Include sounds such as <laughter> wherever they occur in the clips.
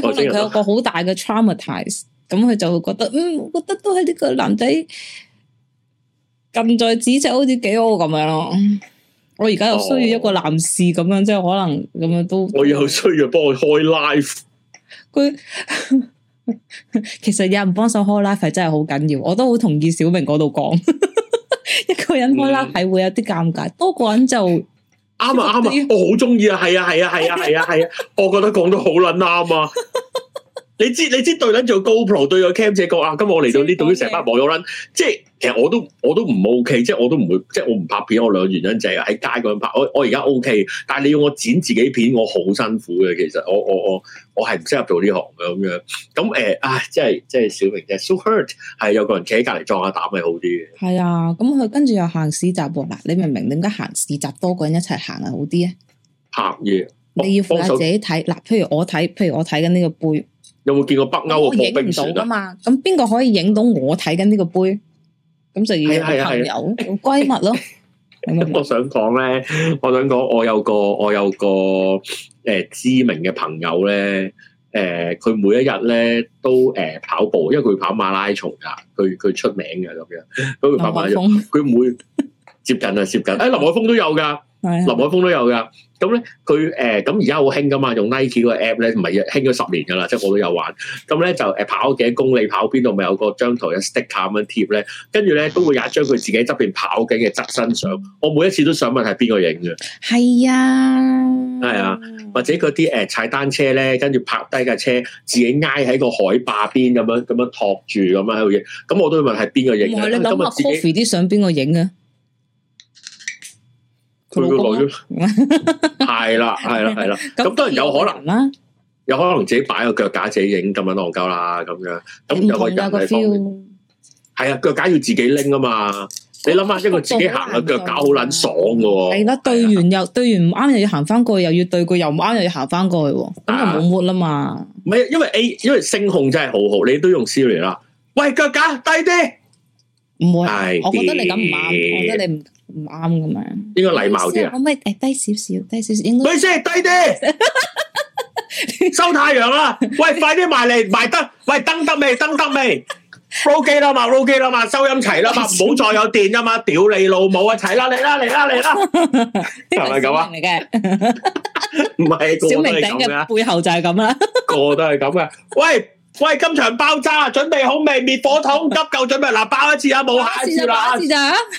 可能佢有個好大嘅 traumatize，咁佢就會覺得嗯，我覺得都係呢個男仔近在咫尺，好似幾好咁樣咯。我而家又需要一個男士咁、哦、樣，即係可能咁樣都。我又需要幫佢開 live，佢其實有人幫手開 live 係真係好緊要，我都好同意小明嗰度講。 <laughs> 一個人開 live 會有啲尷尬，多個人就。啱啊啱啊，我好中意啊，係啊係啊係啊係啊係啊，啊啊啊啊 <laughs> 我覺得講得好撚啱啊。你知你知對緊做 GoPro 對個 cam 姐角啊！今日我嚟到呢，度於成班網友卵，即係其實我都我都唔 ok，即係我都唔會，即係我唔拍片，我兩原因就係，喺街咁樣拍。我我而家 ok，但係你要我剪自己片，我好辛苦嘅。其實我我我我係唔適合做呢行嘅咁樣。咁、嗯、誒，啊，即係即係小明嘅。so hurt，係有個人企喺隔籬撞下膽係好啲嘅。係啊，咁佢跟住又行市集嗱，你明唔明點解行市集多個人一齊行係好啲啊？拍嘢，你要扶下自己睇嗱手，譬如我睇，譬如我睇緊呢個杯。有冇見過北歐個士兵？影唔到噶嘛？咁邊個可以影到我睇緊呢個杯？咁就要係朋友、閨蜜 <laughs> 咯，咯咁我想。我想講咧，我想講，我有個我有個誒、呃、知名嘅朋友咧，誒、呃，佢每一日咧都誒、呃、跑步，因為佢跑馬拉松噶，佢佢出名噶咁樣，佢佢跑馬拉松，佢唔會。 <laughs> 接近啊，接近！誒、哎，的林海峰都有噶，的林海峰都有噶。咁咧，佢誒咁而家好興噶嘛，用 Nike 個 app 咧，唔係興咗十年噶啦，即係我都有玩。咁咧就誒跑幾公里，跑邊度咪有一個張圖有一 stick down 咁樣貼咧，跟住咧都會有一張佢自己側邊跑緊嘅側身相。我每一次都想問係邊個影嘅。係啊呀，係啊，或者嗰啲誒踩單車咧，跟住拍低架車，自己挨喺個海霸邊咁樣咁樣托住咁樣喺度影。咁我都會問係邊個影咁啊 Coffee 啲相邊個影啊？退咗落咗，係啦，係啦，係啦，咁當然有可能啦，有可能自己擺個腳架自己影咁樣戇鳩啦，咁樣咁有係又係方便，係啊，腳架要自己拎啊嘛，你諗下即係佢自己行下腳架好撚爽噶，係啦，對完又對完唔啱又要行翻過去，又要對佢，又唔啱又要行翻過去，咁就冇乜啦嘛。唔係，因為 A 因為聲控真係好好，你都用 Siri 啦，喂，腳架低啲，唔會，我覺得你咁唔啱，我覺得你唔。唔啱咁樣，應該禮貌啲啊！可唔可以低少少，低少少應該。女先，低啲收太陽啦！喂，快啲埋嚟埋得，喂燈得未？燈得未？煲機啦嘛，煲機啦嘛，收音齊啦嘛，唔好再有電吖嘛！屌你老母啊！齊啦，嚟啦，嚟啦，嚟啦，係咪咁啊？嚟嘅，唔係小明頂嘅背後就係咁啦，個都係咁嘅。喂。喂，今場包紮，準備好未？滅火筒，急救準備嗱，包一次啊，冇下一次啦！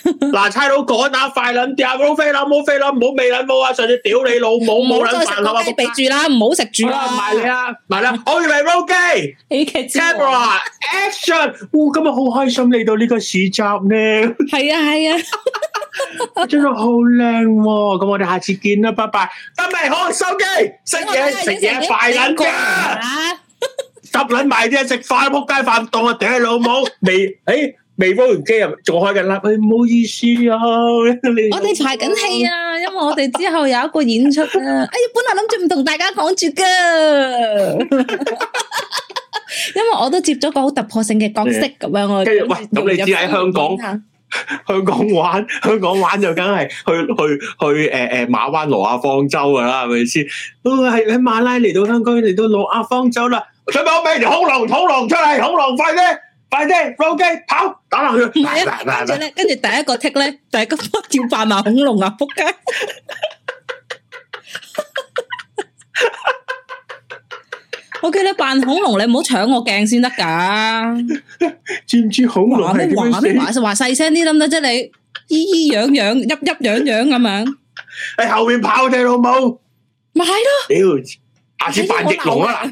嗱，差佬趕啊，快捻啲啊，唔好飛咯，唔好飛咯，唔好尾捻，唔好啊！上次屌你老母，冇捻飯盒啊！記住啦，唔好食住啦！埋嚟呀，埋嚟，我以為 roll 機，Camera Action，哇，今日好開心嚟到呢個市集呢，係啊係啊，真係好靚喎！咁我哋下次見啦，拜拜。得未？好收機，食嘢食嘢快捻噶。執卵埋啲啊！食飯仆街飯凍啊！頂老母未誒，微煲、欸、完機啊，仲開緊啦！唔、欸、好意思啊，啊我哋排緊戲啊，因為我哋之後有一個演出啊。哎，本嚟諗住唔同大家講住噶， <laughs> 因為我都接咗個好突破性嘅角色咁樣。我跟住喂，咁你只喺香港，玩 <laughs> 香港玩，香港玩就梗係去 <laughs> 去去誒誒，馬灣羅亞方舟噶啦，係咪先？哦，係喺、呃呃呃呃呃呃、馬拉嚟到香港，嚟到羅亞方舟啦。上邊俾條恐龍，恐龍出嚟，恐龍快啲，快啲，放機，跑，打落去。唔係啊，跟住咧，跟住第一個踢咧，第一個要扮埋恐龍啊，仆街！我叫你扮恐龍，你唔好搶我鏡先得噶。知唔知恐龍？話咩？話咩？話細聲啲得唔得啫？你咿咿樣樣，一一樣樣咁樣。喺後面跑嘅老母，咪係咯。屌，下次扮隻龍啦。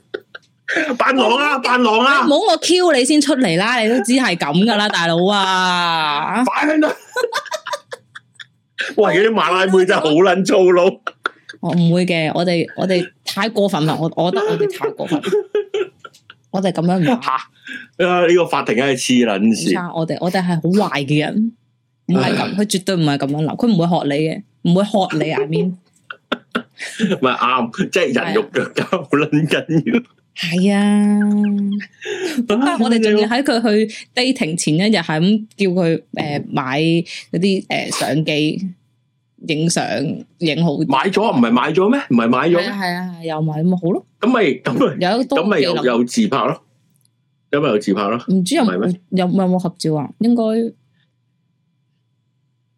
扮狼啊，扮狼啊！唔好的我 Q 你先出嚟啦， <laughs> 你都知係咁噶啦，大佬啊！反鄉啦！喂，嗰啲馬拉妹真係好捻粗魯。我唔會嘅，我哋我哋太過分啦！我我覺得我哋太過分，我哋咁樣唔怕啊！啊，呢、這個法庭係黐捻屎！我哋我哋係好壞嘅人，唔係咁，佢絕對唔係咁樣諗，佢唔會學你嘅，唔會學你啊面。唔係啱，即係、 <laughs> 就是、人肉腳膠好捻緊要。 <laughs> <laughs> <laughs> <laughs> <laughs> <laughs> 係啊，咁啊！我哋仲要喺佢去 dating 前一日，係咁叫佢誒買嗰啲誒相機影相影好。買咗唔係買咗咩？唔係買咗，係啊係啊，又買咁咪好咯。咁咪咁，有咁咪又又自拍咯，一咪又自拍咯。唔知有冇有冇合照啊？應該。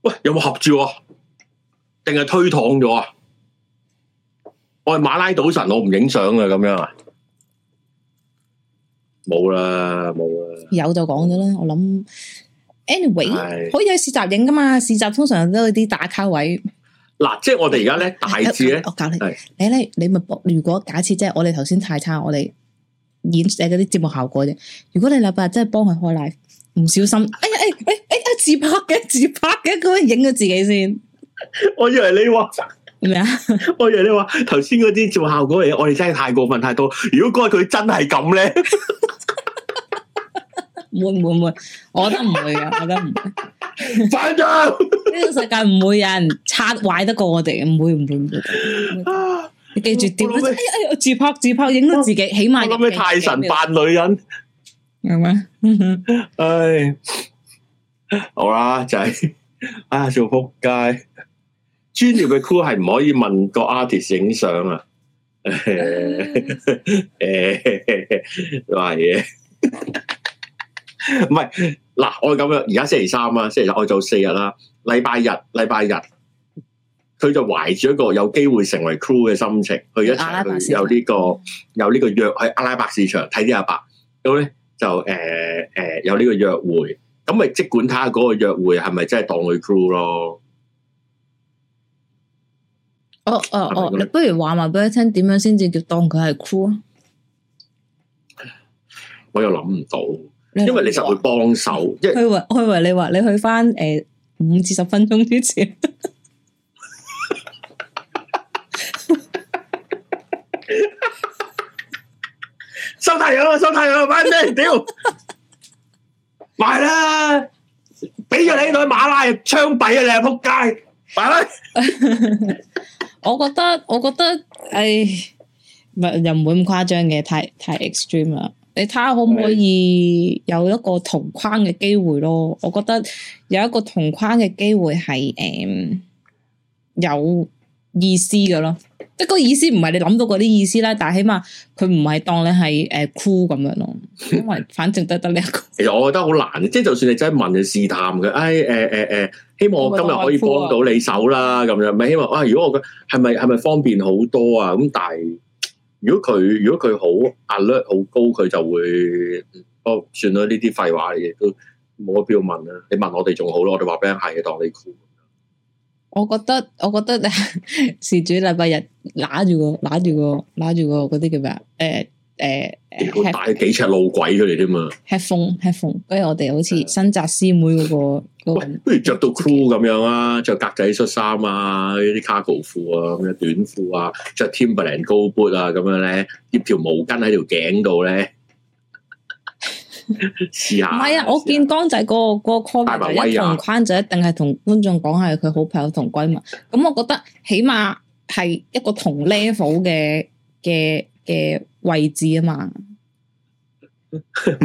喂，有冇合照啊？定係推搪咗啊？我係馬拉島神，我唔影相啊！咁樣。冇啦，冇啦。有就講咗啦，我諗。Anyway，唉可以去市集影㗎嘛？市集通常都有啲打卡位。嗱，即係我哋而家咧，大致咧，我教你。是你咧，你咪如果假設即係我哋頭先太差，我哋演出嗰啲節目效果啫。如果你禮拜真係幫佢開 live，唔小心，哎呀，哎哎哎，自拍嘅，自拍嘅，咁樣影咗自己先。 <laughs> 我以為你話。咩啊？我以為你話頭先嗰啲做效果嚟，我哋真係太過分太多。如果嗰日佢真係咁咧，會唔會？我覺得唔會啊，我覺得唔會。反正呢個世界唔會有人拆壞得過我哋，唔會唔會唔會，會。你記住，點想？我自拍自拍，影到自己，起碼諗咩太神扮女人係咪？ <laughs> 唉，好啦，仔啊、哎，做撲街。專業嘅 crew 係唔可以問個 artist 影相啊！誒，係嘢。唔係嗱，我咁樣，而家星期三啊，星期日我做四日啦，禮拜日、禮拜日，佢就懷住一個有機會成為 crew 嘅心情去一齊去有呢、呢個有呢個約喺阿拉伯市場睇啲阿伯，咁咧就誒誒、呃呃、有呢個約會，咁咪即管睇下嗰個約會係咪真係當佢 crew 咯？哦哦哦！你不如話埋俾佢聽，點樣先至叫當佢係 cool 啊？我又諗唔到，到因為你就會幫手。即係為，我我以為你話你去返誒五至十分鐘之前 <laughs> <laughs> 收太陽咯，收太陽買咩？屌， <laughs> <laughs> 埋啦！俾咗你對馬拉槍斃啊！你係扑街，埋啦！ <laughs> <laughs> 我覺得，我覺得，誒，又唔會咁誇張嘅，太太 extreme 啦。你睇下可唔可以有一個同框嘅機會咯？我覺得有一個同框嘅機會係誒、嗯、有。意思嘅咯，即係嗰意思唔係你諗到嗰啲意思啦，但係起碼佢唔係當你係誒 cool 咁樣咯，呃、 <laughs> 因為反正得得你一個。其實我覺得好難，即係就算你真係問試探嘅，哎誒誒誒，希望我今日可以幫到你手啦，咁樣咪希望啊，如果我覺得係咪係咪方便好多啊？咁但係如果佢如果佢好 alert 好高，佢就會哦、嗯、算啦，呢啲廢話嘅都冇必要問啦，你問我哋仲好咯，我哋話俾人係當你 cool。我覺得，我覺得咧，事主禮拜日揦住、欸欸呎那個，揦、那、住個，揦住個嗰啲叫咩啊？誒誒，好帶幾尺老鬼出嚟啫嘛！黑鳳黑鳳，嗰日我哋好似新扎師妹嗰個，不如着到 cool 咁樣，樣啊！着格仔恤衫啊，呢啲 cargo 褲啊，咁樣短褲啊，着 Timberland 高 boot 啊，咁樣咧，疊條毛巾喺條頸度咧。唔係 <laughs> 下啊！我見江仔、那個、那個 call 就同框就一定係同觀眾講係佢好朋友同閨蜜，咁我覺得起碼係一個同 level 嘅嘅嘅位置啊嘛。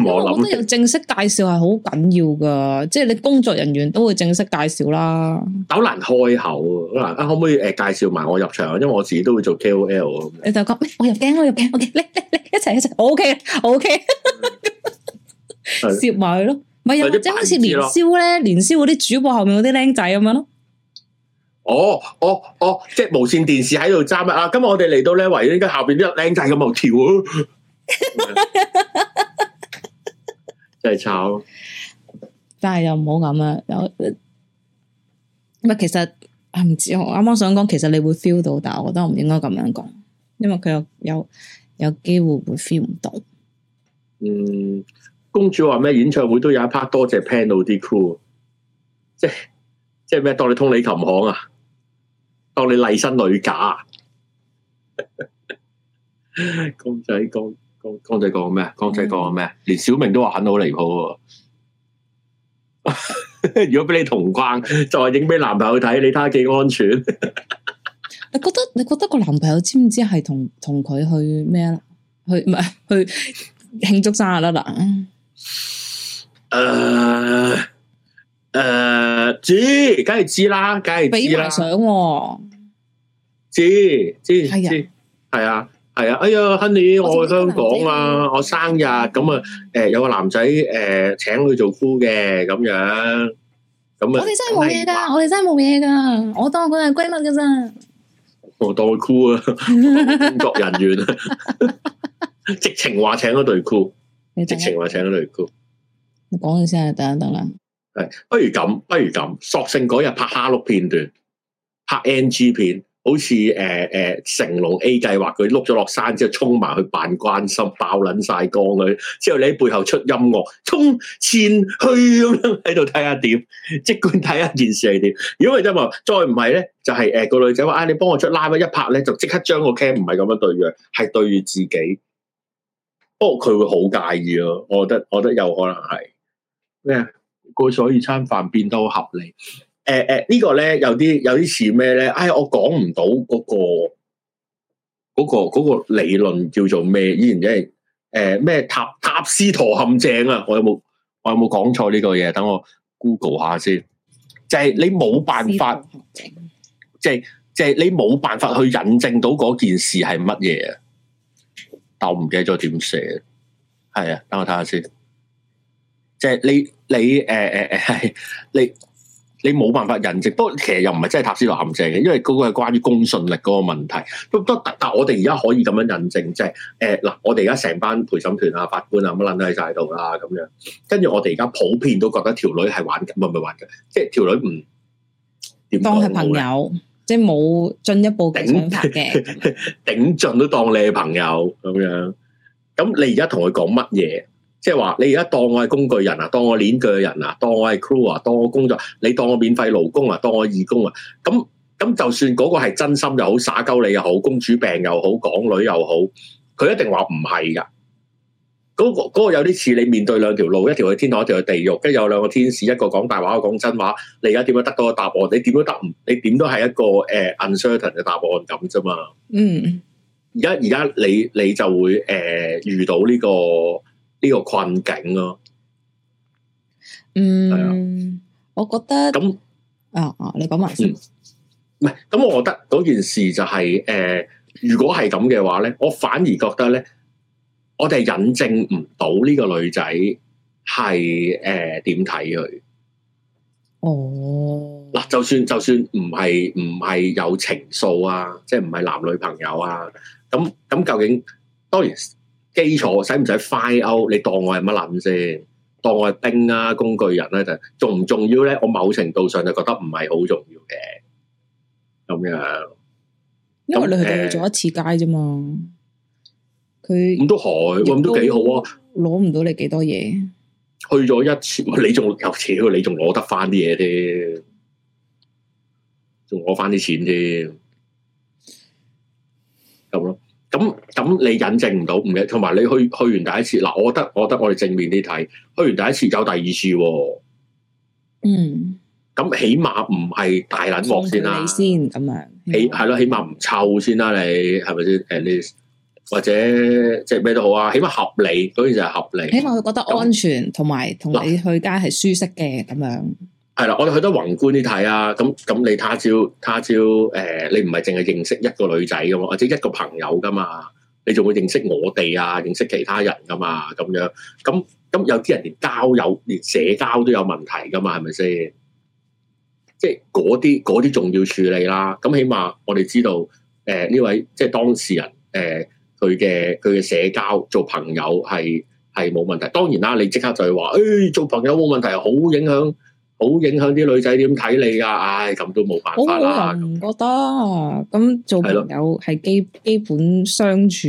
我覺得有正式介紹係好緊要噶，即係 <laughs> 你工作人員都會正式介紹啦。斗難開口，難啊！可唔可以誒、呃、介紹埋我入場因為我自己都會做 K O L，你就講我入鏡，我入鏡，OK，嚟嚟嚟，一齊一齊，OK，OK。 <laughs> 攝埋佢咯，咪又即係好似年宵咧，年宵嗰啲主播後面嗰啲僆仔咁樣咯、哦。哦哦哦，即係無線電視喺度揸啊！今日我哋嚟到咧，唯一依家後邊都有僆仔咁樣跳真係炒。 <laughs> 但係又唔好咁啊，咁啊，其實唔知，我啱啱想講，其實你會 feel 到，但係我覺得我唔應該咁樣講，因為佢又有有機會會 feel 唔到。嗯。公主話咩演唱會都有一 part 多謝 Panel 啲 Cool，即係即係咩？當你通你琴行啊，當你麗身女假、啊、 <laughs> 公仔講公公仔講咩？公仔講咩？連小明都話好離譜。 <laughs> 如果俾你同框，就話影俾男朋友睇，你睇下幾安全 <laughs> 你。你覺得你覺得個男朋友知唔知係同同佢去咩啦？去唔係去慶祝生日得啦？嗱。誒誒、uh, uh, 啊，知，梗係、哎、呀知啦，梗係知啦。俾埋相，知知知，係啊係啊。哎呀，Honey，我去香港啊，我生日咁啊，誒、欸、有個男仔誒、欸、請佢做 c 嘅咁樣，咁啊是。我哋真係冇嘢噶，我哋真係冇嘢噶。我當佢係閨蜜噶咋，我當佢 c 啊，工 <laughs> 作人員啊，笑 <laughs> <laughs> 直情話請咗對 c 直情話請咗女哥，你講住先等等啦。係，不如咁，不如咁，索性嗰日拍蝦碌片段，拍 NG 片，好似誒誒，成龍 A 計劃佢碌咗落山之後，衝埋去扮關心，爆撚晒光佢。之後你喺背後出音樂，衝前去咁樣喺度睇下點，即管睇下件事係點。如果係真話，再唔係咧，就係誒個女仔話啊，你幫我出 live 一拍咧，就即刻將個 cam 唔係咁樣對住，係對住自己。不過佢會好介意咯，我覺得我覺得有可能係咩，佢、嗯、所以餐飯變得好合理。誒、呃、誒，呃這個、呢個咧有啲有啲似咩咧？唉、哎，我講唔到嗰、嗰個、嗰個、嗰個理論叫做咩？依然即係誒咩塔塔斯陀陷阱啊？我有冇我有冇講錯呢個嘢？等我 Google 下先。就係、是、你冇辦法，即係即係你冇辦法去引證到嗰件事係乜嘢啊？但我唔記得咗點寫，係啊，等我睇下先。即係你你誒誒誒，係、呃呃、你你冇辦法印證，不過其實又唔係真係塔斯諾陷阱嘅，因為嗰個係關於公信力嗰個問題。不都但係我哋而家可以咁樣印證，即係誒嗱，我哋而家成班陪審團啊、法官啊乜撚都喺晒度啦，咁樣。跟住我哋而家普遍都覺得條女係玩緊唔係唔係玩嘅，即係條女唔點當係朋友。即係冇進一步嘅選擇嘅，頂盡都當你係朋友咁樣。咁你而家同佢講乜嘢？即係話你而家當我係工具人啊，當我係鏈鋸人啊，當我係 crew 啊，當我工作，你當我免費勞工啊，當我義工啊。咁咁就算嗰個係真心又好，耍鳩你又好，公主病又好，港女又好，佢一定話唔係噶。嗰個有啲似你面對兩條路，一條去天堂，一條去地獄，跟住有兩個天使，一個講大話，一個講真話。你而家點樣得到個,個,個,個,個,個,個答案？你點都得唔？你點都係一個誒 uncertain 嘅答案咁啫嘛。嗯，而家而家你你就會誒、呃、遇到呢、呢個呢、呢個困境咯、啊。嗯，啊、我覺得咁啊那啊，你講埋先。唔係咁，我覺得嗰件事就係、係、誒、呃，如果係咁嘅話咧，我反而覺得咧。我哋引證唔到呢個女仔，係誒點睇佢，哦嗱，就算就算唔係唔係有情愫啊，即係唔係男女朋友啊，咁咁究竟當然基礎使唔使快歐？你當我係乜諗先？當我係兵啊，工具人咧、啊、就重唔重要咧？我某程度上就覺得唔係好重要嘅，咁樣因為你要做一次街啫嘛。佢咁都好，咁都幾好啊！攞唔到你幾多嘢？去咗一次，你仲有錢？你仲攞得翻啲嘢添。仲攞翻啲錢添。咁咯？咁咁你引證唔到唔嘅？同埋你去去完第一次嗱，我覺得我覺得我哋正面啲睇，去完第一次走第，第二次，嗯，咁、嗯嗯、起碼唔係大捻鑊先啦、啊，你先咁樣起係咯，起碼唔臭先啦，你係咪先？At least。或者即係咩都好啊，起碼合理，嗰就係合理。起碼佢覺得安全，同埋同你去街係舒適嘅咁樣。係啦，我哋去得宏觀啲睇啊。咁咁，你他朝他朝誒、呃，你唔係淨係認識一個女仔噶嘛，或者一個朋友噶嘛，你仲會認識我哋啊，認識其他人噶嘛，咁樣。咁咁有啲人連交友、連社交都有問題噶嘛，係咪先？即係嗰啲嗰啲仲要處理啦。咁起碼我哋知道，誒、呃、呢位即係當事人，誒、呃。佢嘅佢嘅社交做朋友係係冇問題，當然啦，你即刻就話誒、欸、做朋友冇問題，好影響好影響啲女仔點睇你噶、啊，唉、哎、咁都冇辦法啦。我唔覺得，咁樣做朋友係基基本相處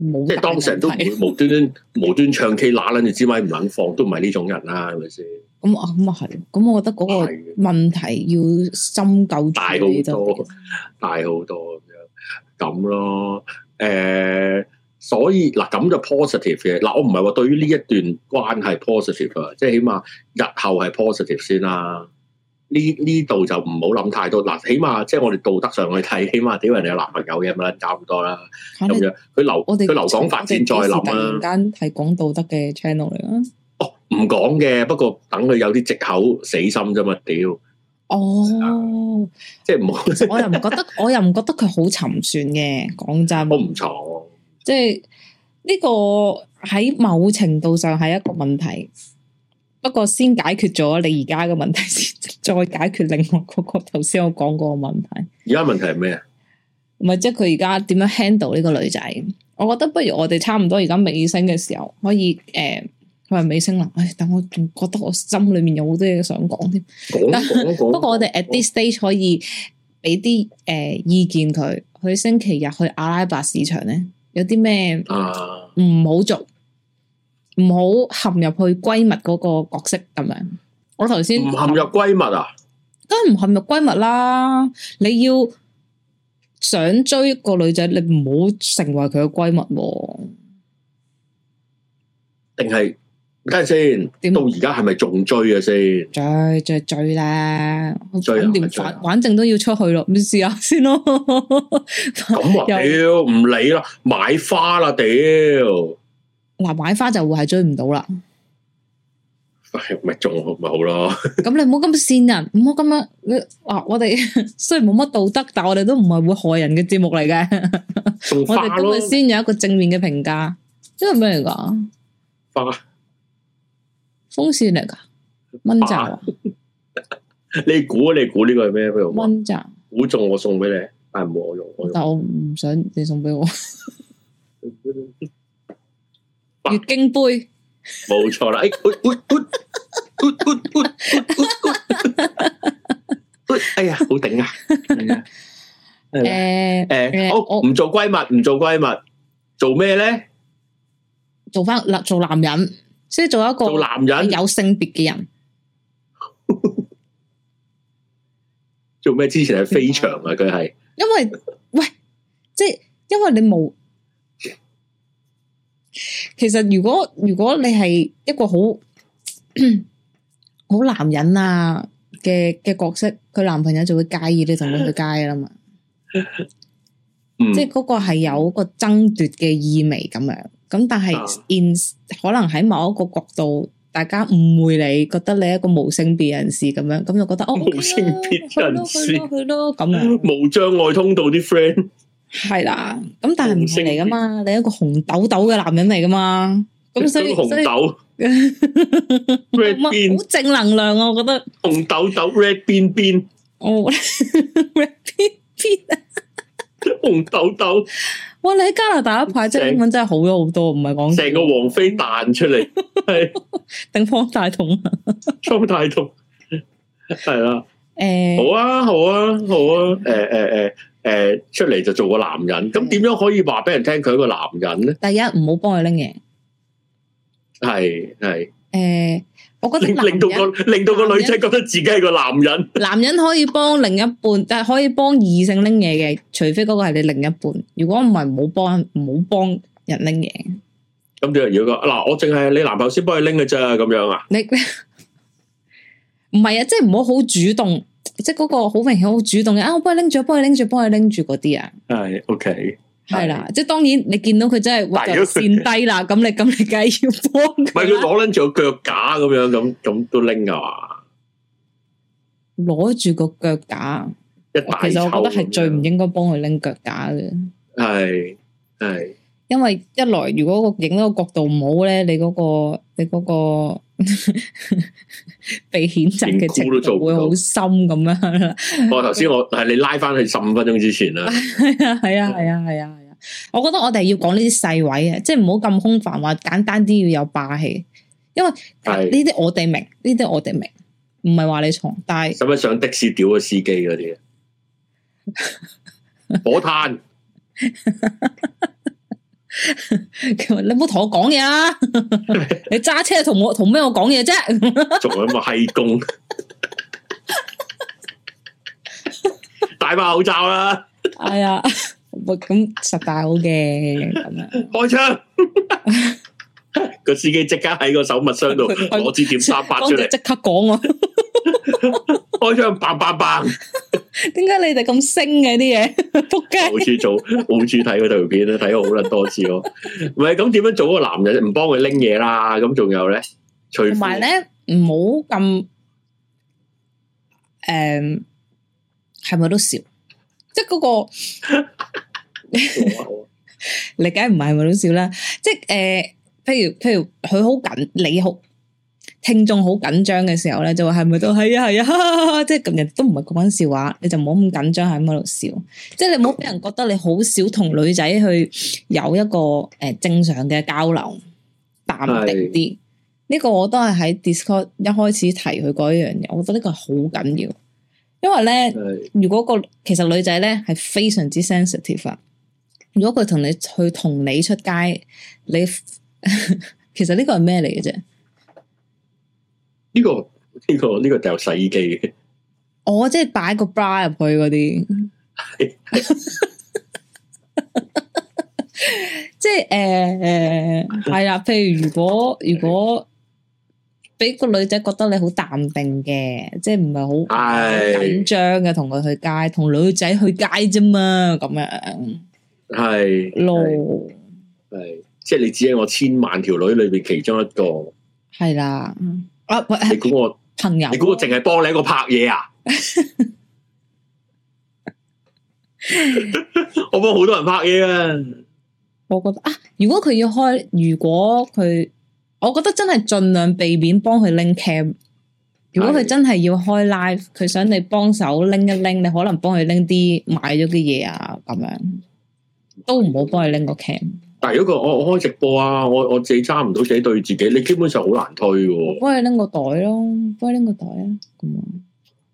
冇。的即係當時人都唔會無端端無端唱 K，嗱捻住支咪唔肯放，都唔係呢種人啦、啊，係咪先？咁咁啊係，咁、嗯嗯、我覺得嗰個問題要深究的大好多，大好多。咁咯，誒、欸，所以嗱咁就 positive 嘅。嗱，我唔係話對於呢一段關係 positive 啊，即係起碼日後係 positive 先啦、啊。呢呢度就唔好諗太多。嗱，起碼即係我哋道德上去睇，起碼屌人哋男朋友嘅咪搞咁多啦，咁樣佢留佢留港發展再諗啦、啊。突然間係講道德嘅 channel 嚟啊！哦，唔講嘅，不過等佢有啲藉口死心啫嘛，屌！哦，oh, 即係冇，我又唔覺得， <laughs> 我又唔覺得佢好沉船嘅。講真，我唔錯、啊，即係呢個喺某程度上係一個問題。不過先解決咗你而家嘅問題，先 <laughs> 再解決另外嗰個頭先我講過嘅問題。而家問題係咩啊？唔係，即係佢而家點樣 handle 呢個女仔？我覺得不如我哋差唔多而家尾聲嘅時候，可以誒。呃佢係美聲啦，哎，但我仲覺得我心裏面有好多嘢想講添。 <laughs> 不過我哋 at this stage 吧可以俾啲誒意見佢。佢星期日去阿拉伯市場咧，有啲咩唔好做，唔、啊、好陷入去閨蜜嗰個角色咁樣。我頭先唔陷入閨蜜啊，梗係唔陷入閨蜜啦。你要想追一個女仔，你唔好成為佢嘅閨蜜，定係？睇下先，到而家係咪仲追嘅先？追追追啦，咁點了？反樣正都要出去咯，咁試下先咯。 <laughs> 咁屌 <laughs> 又，唔理啦，買花啦屌！嗱，買花就會係追唔到啦。唉，咪仲唔好咯？咁 <laughs> 你唔好咁線人，唔好咁樣。啊，我哋雖然冇乜道德，但我哋都唔係會害人嘅節目嚟嘅。 <laughs> 我哋今日先有一個正面嘅評價，即係咩嚟講？花。 <laughs> 風扇嚟噶蚊罩，你估你估呢個係咩？比如蚊罩，估中我送俾你，但係唔好我用，我用。但係我唔想你送俾我。月經杯，冇錯啦。哎哎哎哎哎哎哎哎呀，好頂啊！係啊，誒誒，我我唔做閨蜜，唔做閨蜜，做咩咧？做翻男，做男人。即係做一個做男人有性別嘅人，做咩之前係非常啊？佢係因為喂，即係因為你冇。其實如果如果你係一個好好男人啊嘅嘅角色，佢男朋友就會介意你同佢去街啦嘛。即係嗰個係有個爭奪嘅意味咁樣。咁但係，可能喺某一個角度，大家誤會你，覺得你一個無性別人士咁樣，咁就覺得哦，無性別人士，去咯去咯去咯咁樣，無障礙通道啲 friend 係啦。咁但係唔係嚟噶嘛，你係一個紅豆豆嘅男人嚟噶嘛。咁所以紅豆 red bean bean 好正能量啊，我覺得紅豆豆 red bean bean 哦，red bean bean 紅豆豆。哇！你喺加拿大一排即係英文真係好咗好多，唔係講。成個王菲彈出嚟，定方 <laughs> 的 <laughs> 大同，方 <laughs> 大同，係 <laughs> 啦的。誒、欸，好啊，好啊，好啊。誒誒誒誒，出嚟就做個男人。咁點、欸、樣可以話俾人聽佢係個男人咧？第一，唔好幫佢拎嘢。係係。誒。欸我覺得令到個人令到個女仔覺得自己係個男人。男人可以幫另一半， <laughs> 但係可以幫異性拎嘢嘅，除非嗰個係你另一半。如果唔係，唔好幫唔好幫人拎嘢。咁就如果嗱，我淨係你男朋友先幫你拎嘅咋，咁樣你 <laughs> 啊？你唔係啊，即係唔好好主動，即係嗰個好明顯好主動嘅啊！我幫你拎住，幫你拎住，幫你拎住嗰啲啊。係、哎、OK。係啦，即係當然，你見到佢真係屈就墊低啦，咁你咁你梗係要幫佢。唔係佢攞拎住個腳架咁樣，咁咁都拎噶嘛？攞住個腳架，其實我覺得係最唔應該幫佢拎腳架嘅。係係，因為一來如果個影到個角度唔好咧，你嗰個你嗰個被譴責嘅情況會好深咁樣。我頭先我係你拉翻去十五分鐘之前啦。係啊係啊係啊係啊！我覺得我哋要講呢啲細位啊，即係唔好咁空泛，話簡單啲要有霸氣，因為呢啲我哋明，呢啲是我哋明，唔係話你蠢，但係使唔使上的士屌個司機嗰啲，火炭， <laughs> <laughs> 你唔好同我講嘢啊！ <laughs> 你揸車同我同咩我講嘢啫？做咁個嘿工，戴把口罩啦！係啊。 <laughs> 哎咁實大好在好嘅，咁樣開槍，個司機即刻喺個手物箱度攞支點三八出嚟，即刻講我開槍，bang bang bang 點解你哋咁聲嘅啲嘢？仆街，好處做，好，好處睇嗰條片啦，睇好啦，多次咯。唔係咁，點樣做個男人唔幫佢拎嘢啦？咁仲有咧，同埋咧，唔好咁，誒，係、嗯、咪都笑？即係嗰個。 <laughs> <laughs> 你梗唔係咪好笑啦？即係誒、呃，譬如譬如佢好緊，你好聽眾好緊張嘅時候咧，就話係咪都係啊係啊，啊哈哈即係，今日都唔係講緊笑話，你就唔好咁緊張喺嗰度笑。即係你唔好俾人覺得你好少同女仔去有一個誒、呃、正常嘅交流，淡定啲。呢是個我都係喺 Discord 一開始提佢嗰樣嘢，我覺得呢個好緊要，因為咧，是如果個其實女仔咧係非常之 sensitive 啊。如果佢同你去同你出街，你 <laughs> 其實呢個係咩嚟嘅啫？呢個、呢個、呢個掉洗衣機嘅，我 <laughs> <laughs> <laughs> <laughs> 即係擺個 bra 入去嗰啲，即係誒誒，係啦。譬如如果如果俾個女仔覺得你好淡定嘅，即係唔係好緊張嘅，同佢去街，同女仔去街啫嘛，咁樣。係，係，即係你只係我千萬條女裏邊其中一個，係啦，啊，你估我？朋友，你估我淨係幫你一個拍嘢啊？ <laughs> <laughs> 我幫好多人拍嘢啊。我覺得啊，如果佢要開，如果佢，我覺得真係盡量避免幫佢拎 cam。如果佢真係要開 live，佢想你幫手拎一拎，你可能幫佢拎啲買咗啲嘢啊，咁樣。都唔好幫你拎個 cam。但係如果佢我我開直播啊，我我自己揸唔到自己對自己，你基本上好難推喎。幫你拎個袋咯，幫你拎個袋啊咁樣。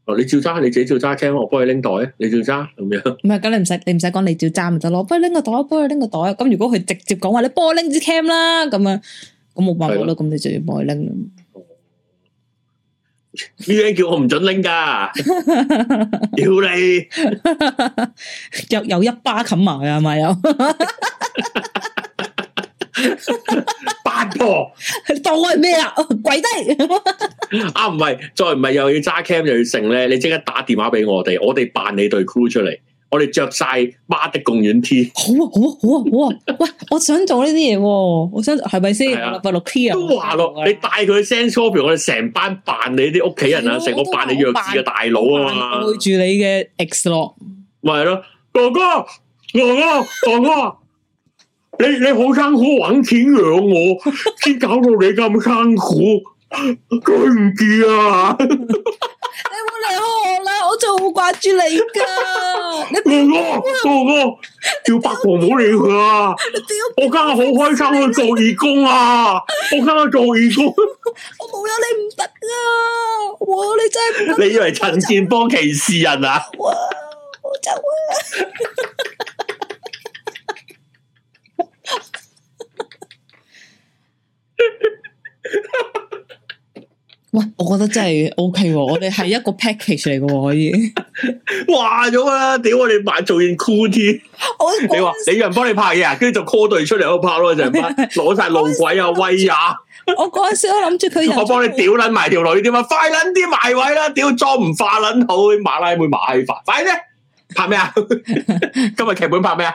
哦，你照揸你自己照揸 cam，我幫你拎袋，啊。你照揸咁樣。唔係，咁你唔使你唔使講，你，不你照揸唔得咯。幫你拎個袋，幫你拎個袋。咁如果佢直接講話，你幫我拎支 cam 啦，咁樣，咁冇辦法啦，咁的你就要幫佢拎。呢樣叫我唔准拎㗎，屌 <laughs> 要你！又有一巴冚埋，係咪又八婆？當我係咩啊？跪低！啊，唔係，再唔係又要揸 cam 又要剩咧？你即刻打電話俾我哋，我哋扮你對 crew 出嚟。我哋着晒巴的公園 T，好啊，好啊，好啊，好啊！喂，我想做呢啲嘢，我想係咪先？係啊，八六 T 啊，都話咯，你帶佢去 send shopping 我哋成班扮你啲屋企人啊，成個扮你弱智嘅大佬啊嘛，對住你嘅 x 咯。咪係咯，哥哥，哥哥，哥哥，你你好辛苦搵錢養我，先搞到你咁辛苦，佢唔見啊，你冇嚟好。我就好掛住你噶，哥哥哥哥，叫八婆冇理佢啊！我今日好開心去做義工啊！啊啊我今日做義工，我冇有你唔得啊！你真係、啊、你以為陳善波歧視人啊？好真係。 <laughs> <laughs> 喂，我覺得真係 OK，我哋係一個 package 嚟嘅可以，話咗啦，屌我哋買造型 cool 添。我你話你有人幫你拍嘢啊，跟住就 call 隊出嚟度拍咯，成班攞晒路軌啊，威呀！我嗰陣時我諗住佢，我幫你屌捻埋條女點啊，快捻啲埋位啦，屌裝唔化捻好，啲馬拉妹馬起發，快啲拍咩啊？ <laughs> 今日劇本拍咩啊？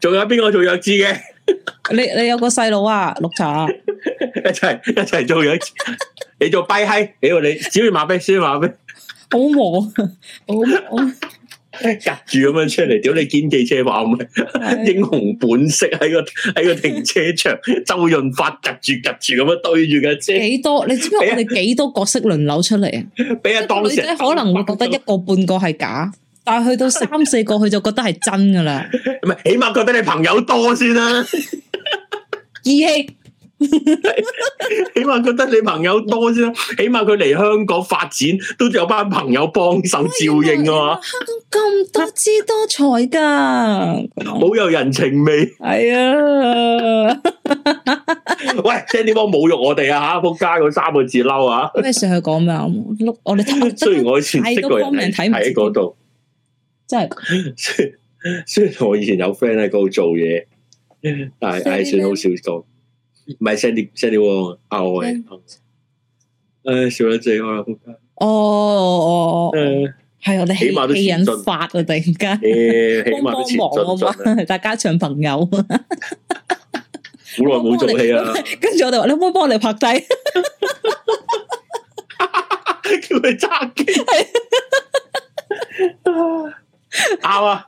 仲有邊個做弱智嘅？你你有個細佬啊，綠茶， <laughs> 一齊一齊做弱智，你做跛閪，屌 hi、哎、你少你馬屁先馬屁，好忙，我我夾住咁樣出嚟，屌你堅記車話唔係英雄本色喺個喺個停車場， <laughs> 周潤發夾住夾住咁樣對住嘅，即係幾多？你知唔知我哋幾多角色輪流出嚟啊？俾啊，當時女仔可能會覺得一個半個係假。但係去到三四個，佢就覺得係真噶啦。唔係，起碼覺得你朋友多先啦、啊。義氣，起碼覺得你朋友多先啦、啊。起碼佢嚟香港發展都有班朋友幫手照應啊。咁、哎、多姿多彩噶，好 <laughs> 有，有人情味。係啊、哎呀。 <laughs> 喂 Jenny 幫侮辱我哋啊！吓，仆街三個字嬲啊！咩事？佢講咩？碌我哋聽。雖然我以前識個人睇唔喺度。 <laughs> 即係， <laughs> 雖然我以前有 friend 喺嗰度做嘢，但係算少好少講。唔係 send 你 send 你，out 誒，笑得最開啦、哦！哦哦，係、呃、我哋起碼都善盡、啊，突然間幫幫忙啊嘛，大家唱朋友、啊，好耐冇做戲啦、啊。跟住我哋話，你可唔可以幫我哋拍低？叫佢揸機。啱 <laughs> <laughs> 啊！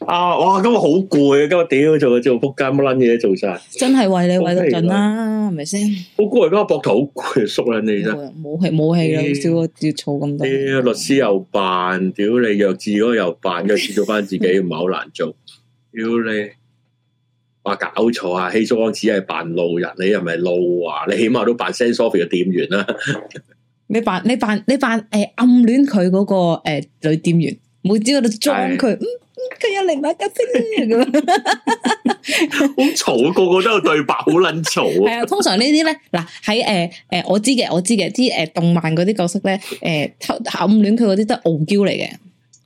啊哇，今日好攰啊！今日屌做做仆街乜撚嘢做晒，真係為你為得盡啦，係咪先？好攰、嗯，而家膊頭好攰，縮捻你真，冇氣冇氣啦，少要措咁多。啲、欸、律師又扮屌你弱智嗰個又扮，智又弱智做翻自己，唔係好難做。屌你話、啊、搞錯啊！西裝只係扮路人，你又唔係路啊。你起碼都扮 senior 嘅店員啦、啊。 <laughs> 你扮你扮你扮誒、呃呃、暗戀佢嗰個誒、呃呃呃呃、女店員。每朝喺度裝佢，嗯，佢有另外一隻飛咁，好嘈，個個都有對白，好撚嘈。係啊，通常呢啲咧，嗱喺誒誒，我知嘅，我知嘅，啲誒動漫嗰啲角色咧，誒偷暗戀佢嗰啲都傲嬌嚟嘅，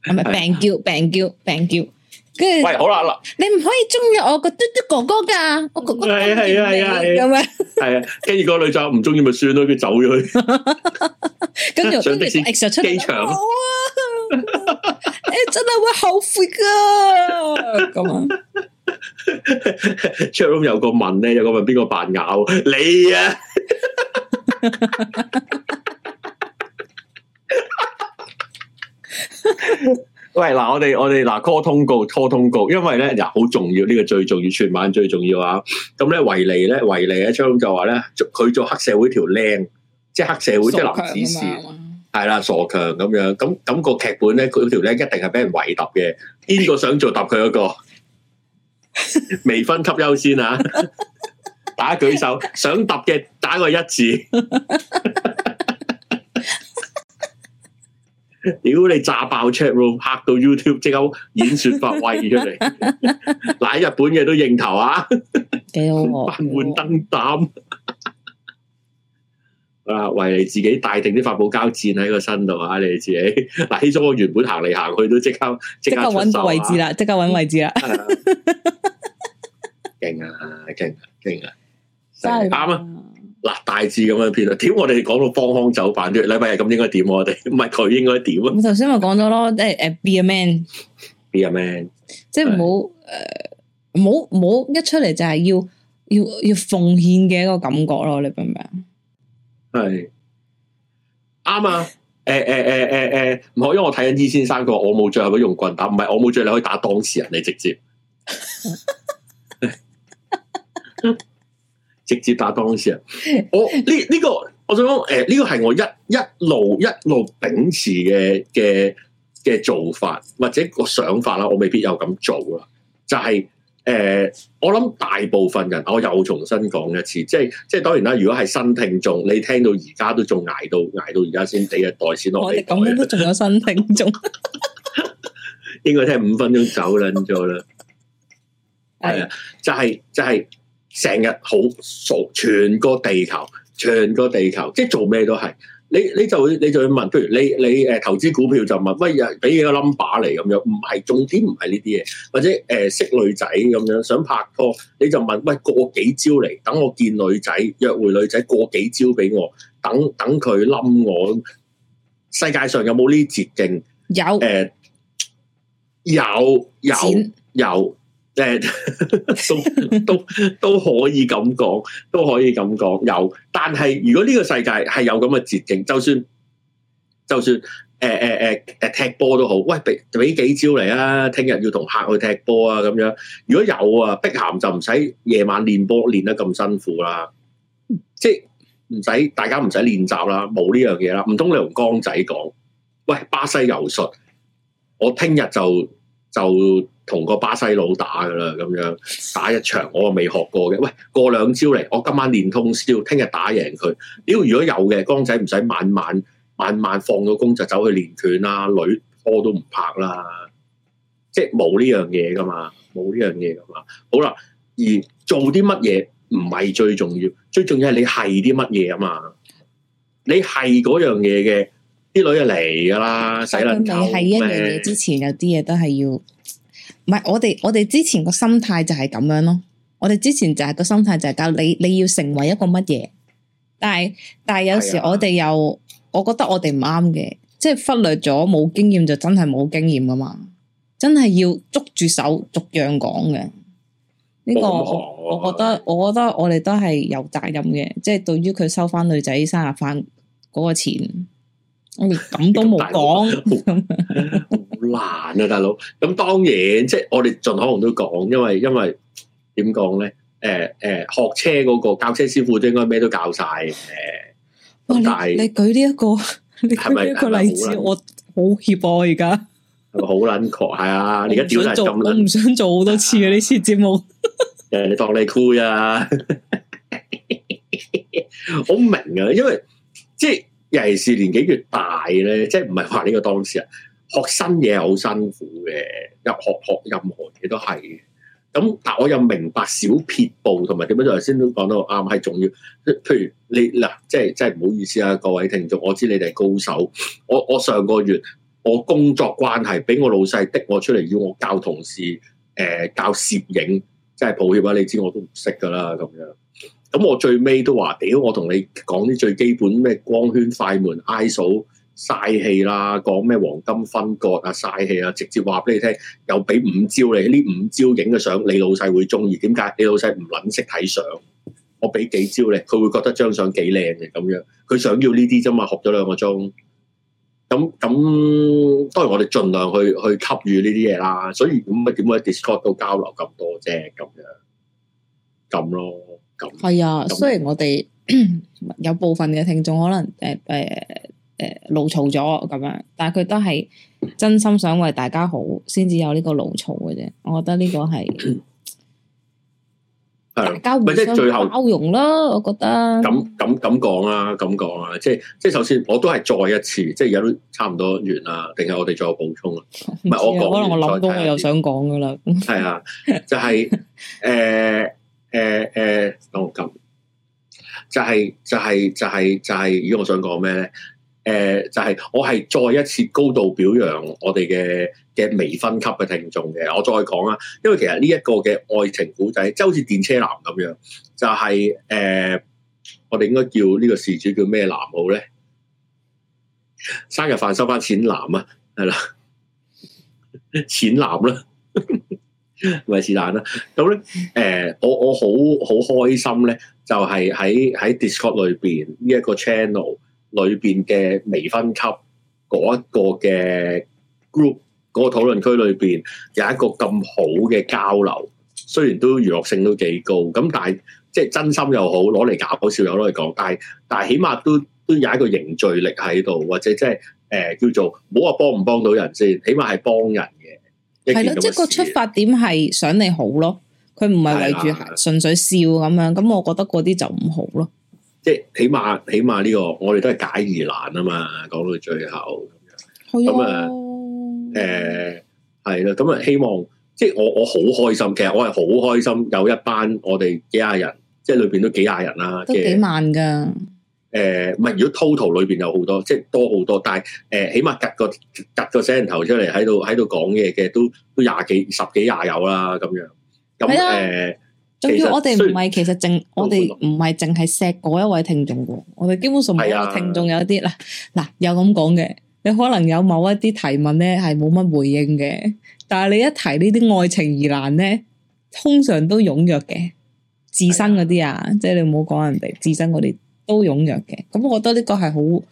係咪病嬌？病嬌？病 <laughs> 嬌 <laughs> 後？跟住，喂，好啦，嗱，你唔可以中意我個嘟嘟哥哥噶，我哥哥係係係咁樣，係啊，跟住個女仔唔中意咪算咯，佢走咗去，跟 <laughs> 住 <laughs> 後 <laughs> 上迪士尼機場。 <laughs> 真係會後悔噶咁啊！張龍有個問咧，有個問邊個扮咬你啊？喂，嗱，我哋我哋嗱，call 通告 call 通告，因為咧，嗱，好重要，呢個最重要，全晚最重要啊！咁咧，維尼咧，維尼咧，張龍就話咧，佢做黑社會條靚，即係黑社會即係男子事。係啦，傻強咁樣，咁咁個劇本咧，佢條靚一定係俾人圍揼嘅。邊個想做揼佢嗰個？未分級優先啊！打舉手，想揼嘅打個一字。屌 <laughs> 你炸爆 chat room，嚇到 YouTube 即刻演說法喂出嚟，乃 <laughs> 日本嘅都認頭啊！幾好啊！班換燈膽。啦，為自己帶定啲法寶交戰喺個身度啊！你自己嗱，起西裝原本行嚟行去都即、啊、刻即刻搵位置啦，即刻搵位置啦！勁啊勁啊勁啊！真啱啊！嗱、啊啊啊，大致咁樣片啦，屌我哋講到荒腔走板嘅禮拜日咁，應該點、啊、我哋？唔係佢應該點啊？我頭先咪講咗咯，即係誒，be a man，be a man，即係唔好誒，唔好唔好一出嚟就係要要要，要奉獻嘅一個感覺咯，你明唔明？係啱啊！誒誒誒誒誒，唔、欸、好、欸欸欸，因為我睇緊醫先生佢話我冇罪，可以用棍打？唔係我冇罪，你可以打當事人，你直接、欸，直接打當事人。我呢呢、這個我想講誒，呢、欸，這個係我一一路一路秉持嘅嘅嘅做法或者個想法啦，我未必有咁做啦，就係、是。誒、呃，我諗大部分人，我又重新講一次，即係即係當然啦。如果係新聽眾，你聽到而家都仲挨到挨到而家先第一代先落嚟，咁都仲有新聽眾， <laughs> <laughs> 應該聽五分鐘走撚咗啦。係 <laughs> 啊，就係、是、就係成日好熟，全個地球，全個地球，即係做咩都係。你你就會你就會問，譬如你你誒投資股票就問，喂，俾個冧把嚟咁樣，唔係重點，唔係呢啲嘢，或者誒、呃、識女仔咁樣，想拍拖你就問，喂，過幾招嚟，等我見女仔，約會女仔，過幾招俾我，等等佢冧我。世界上有冇呢啲捷徑？有誒、呃，有有有。有有誒， <laughs> 都都都可以咁講，都可以咁講，有。但係如果呢個世界係有咁嘅捷徑，就算就算誒誒誒誒踢波都好，喂，俾俾幾招嚟啊！聽日要同客去踢波啊，咁樣。如果有啊，碧咸就唔使夜晚練波，練得咁辛苦啦，即係唔使大家唔使練習啦，冇呢樣嘢啦。唔通你同江仔講，喂，巴西柔術，我聽日就。就同個巴西佬打噶啦，咁樣打一場我未學過嘅。喂，過兩招嚟，我今晚練通宵，聽日打贏佢。屌，如果有嘅，江仔唔使晚晚晚晚放咗工就走去練拳啦，女屙都唔拍啦。即係冇呢樣嘢噶嘛，冇呢樣嘢噶嘛。好啦，而做啲乜嘢唔係最重要，最重要係你係啲乜嘢啊嘛？你係嗰樣嘢嘅。啲女又嚟噶啦，使女炒。喺一樣嘢之前，有啲嘢都係要，唔係我哋我哋之前個心態就係咁樣咯。我哋之前就係、是、個心態就係教你你要成為一個乜嘢，但係但係有時我哋又，我覺得我哋唔啱嘅，即係忽略咗冇經驗就真係冇經驗吖嘛，真係要捉住手逐樣講嘅。呢個我覺得我覺得我哋都係有責任嘅，即係對於佢收翻女仔生日飯嗰個錢。我哋咁都冇講 <laughs> 好難啊，大佬。咁當然，即係我哋盡可能都講，因為因為點講咧？誒誒、呃呃，學車嗰、那個教車師傅都應該咩都教晒誒。哇、呃哦是！你你舉呢、這、一個，你舉呢、這個、一個例子，是是我好怯啊！而家好撚確係啊！你而家調嚟咁，我唔想做好多次嘅呢次節目誒，你當你酷 o o 啊？我 <laughs> 唔明啊，因為即係。尤其是年紀越大咧，即係唔係話呢個當事人學新嘢好辛苦嘅，入學學任何嘢都係。咁但我又明白小撇步同埋點樣，頭先都講到啱，係、嗯、重要。譬如你嗱，即係即係唔好意思啊，各位聽眾，我知你哋係高手。我我上個月我工作關係，俾我老細逼我出嚟，要我教同事誒、呃、教攝影，即係抱歉啊，你知我都唔識㗎啦，咁樣。咁我最尾都話屌，我同你講啲最基本咩光圈、快門、ISO、嘥氣啦，講咩黃金分割啊、嘥氣啊，直接話俾你聽，又俾五招你，呢五招影嘅相你老細會中意？點解？你老細唔諗識睇相？我俾幾招你，佢會覺得張相幾靚嘅咁樣，佢想要呢啲啫嘛，學咗兩個鐘。咁咁，當然我哋盡量去去給予呢啲嘢啦。所以咁咪點解 Discord 到交流咁多啫？咁樣咁咯。係啊，雖然我哋 <coughs> 有部分嘅聽眾可能誒誒誒嘮嘈咗咁樣，但係佢都係真心想為大家好，先至有呢個嘮嘈嘅啫。我覺得呢個係，係大家互相包容啦。我覺得咁咁咁講啊，咁講啊，即係即係。首先，我都係再一次，即係而家都差唔多完啦，定係我哋再有補充啊？唔係我可能我諗到我又想講噶啦。係啊，就係、是、誒。欸 <laughs> 誒誒，咁、呃、就係、是、就係、是、就係、是、就係、是，如果我想講咩咧？誒、呃，就係、是、我係再一次高度表揚我哋嘅嘅微分級嘅聽眾嘅。我再講啦、啊，因為其實呢一個嘅愛情古仔，即係好似電車男咁樣，就係、是、誒、呃，我哋應該叫呢個事主叫咩男好咧？生日飯收返錢男啊，係啦，錢男啦。咪是但啦，咁咧誒，我我好好開心咧，就係喺喺 Discord 裏邊呢一個 channel 裏邊嘅微分級嗰一個嘅 group 嗰個討論區裏邊有一個咁好嘅交流，雖然都娛樂性都幾高，咁但係即係真心又好，攞嚟搞笑又好攞嚟講，但係但係起碼都都有一個凝聚力喺度，或者即係誒叫做唔好話幫唔幫到人先，起碼係幫人。係咯，即係個出發點係想你好咯，佢唔係為住純粹笑咁樣，咁我覺得嗰啲就唔好咯。即係起碼，起碼呢個我哋都係解疑難啊嘛。講到最後咁樣，咁啊，誒，係啦，咁啊，希望即係我我好開心，其實我係好開心，有一班我哋幾廿人，即係裏邊都幾廿人啦，即幾萬噶。誒，唔係、呃，如果 total 裏邊有好多，即係多好多，但係誒、呃，起碼隔個夾個 percent 頭出嚟喺度喺度講嘢嘅，都都廿幾、十幾廿有啦，咁樣咁誒。仲、啊呃、要我哋唔係，其實淨我哋唔係淨係錫嗰一位聽眾嘅，我哋基本上好多聽眾有啲啦，嗱、啊啊、有咁講嘅，你可能有某一啲提問咧係冇乜回應嘅，但係你一提呢啲愛情疑難咧，通常都踊躍嘅，自身嗰啲啊，即係你唔好講人哋自身嗰啲。都踴躍嘅，咁我覺得呢個係好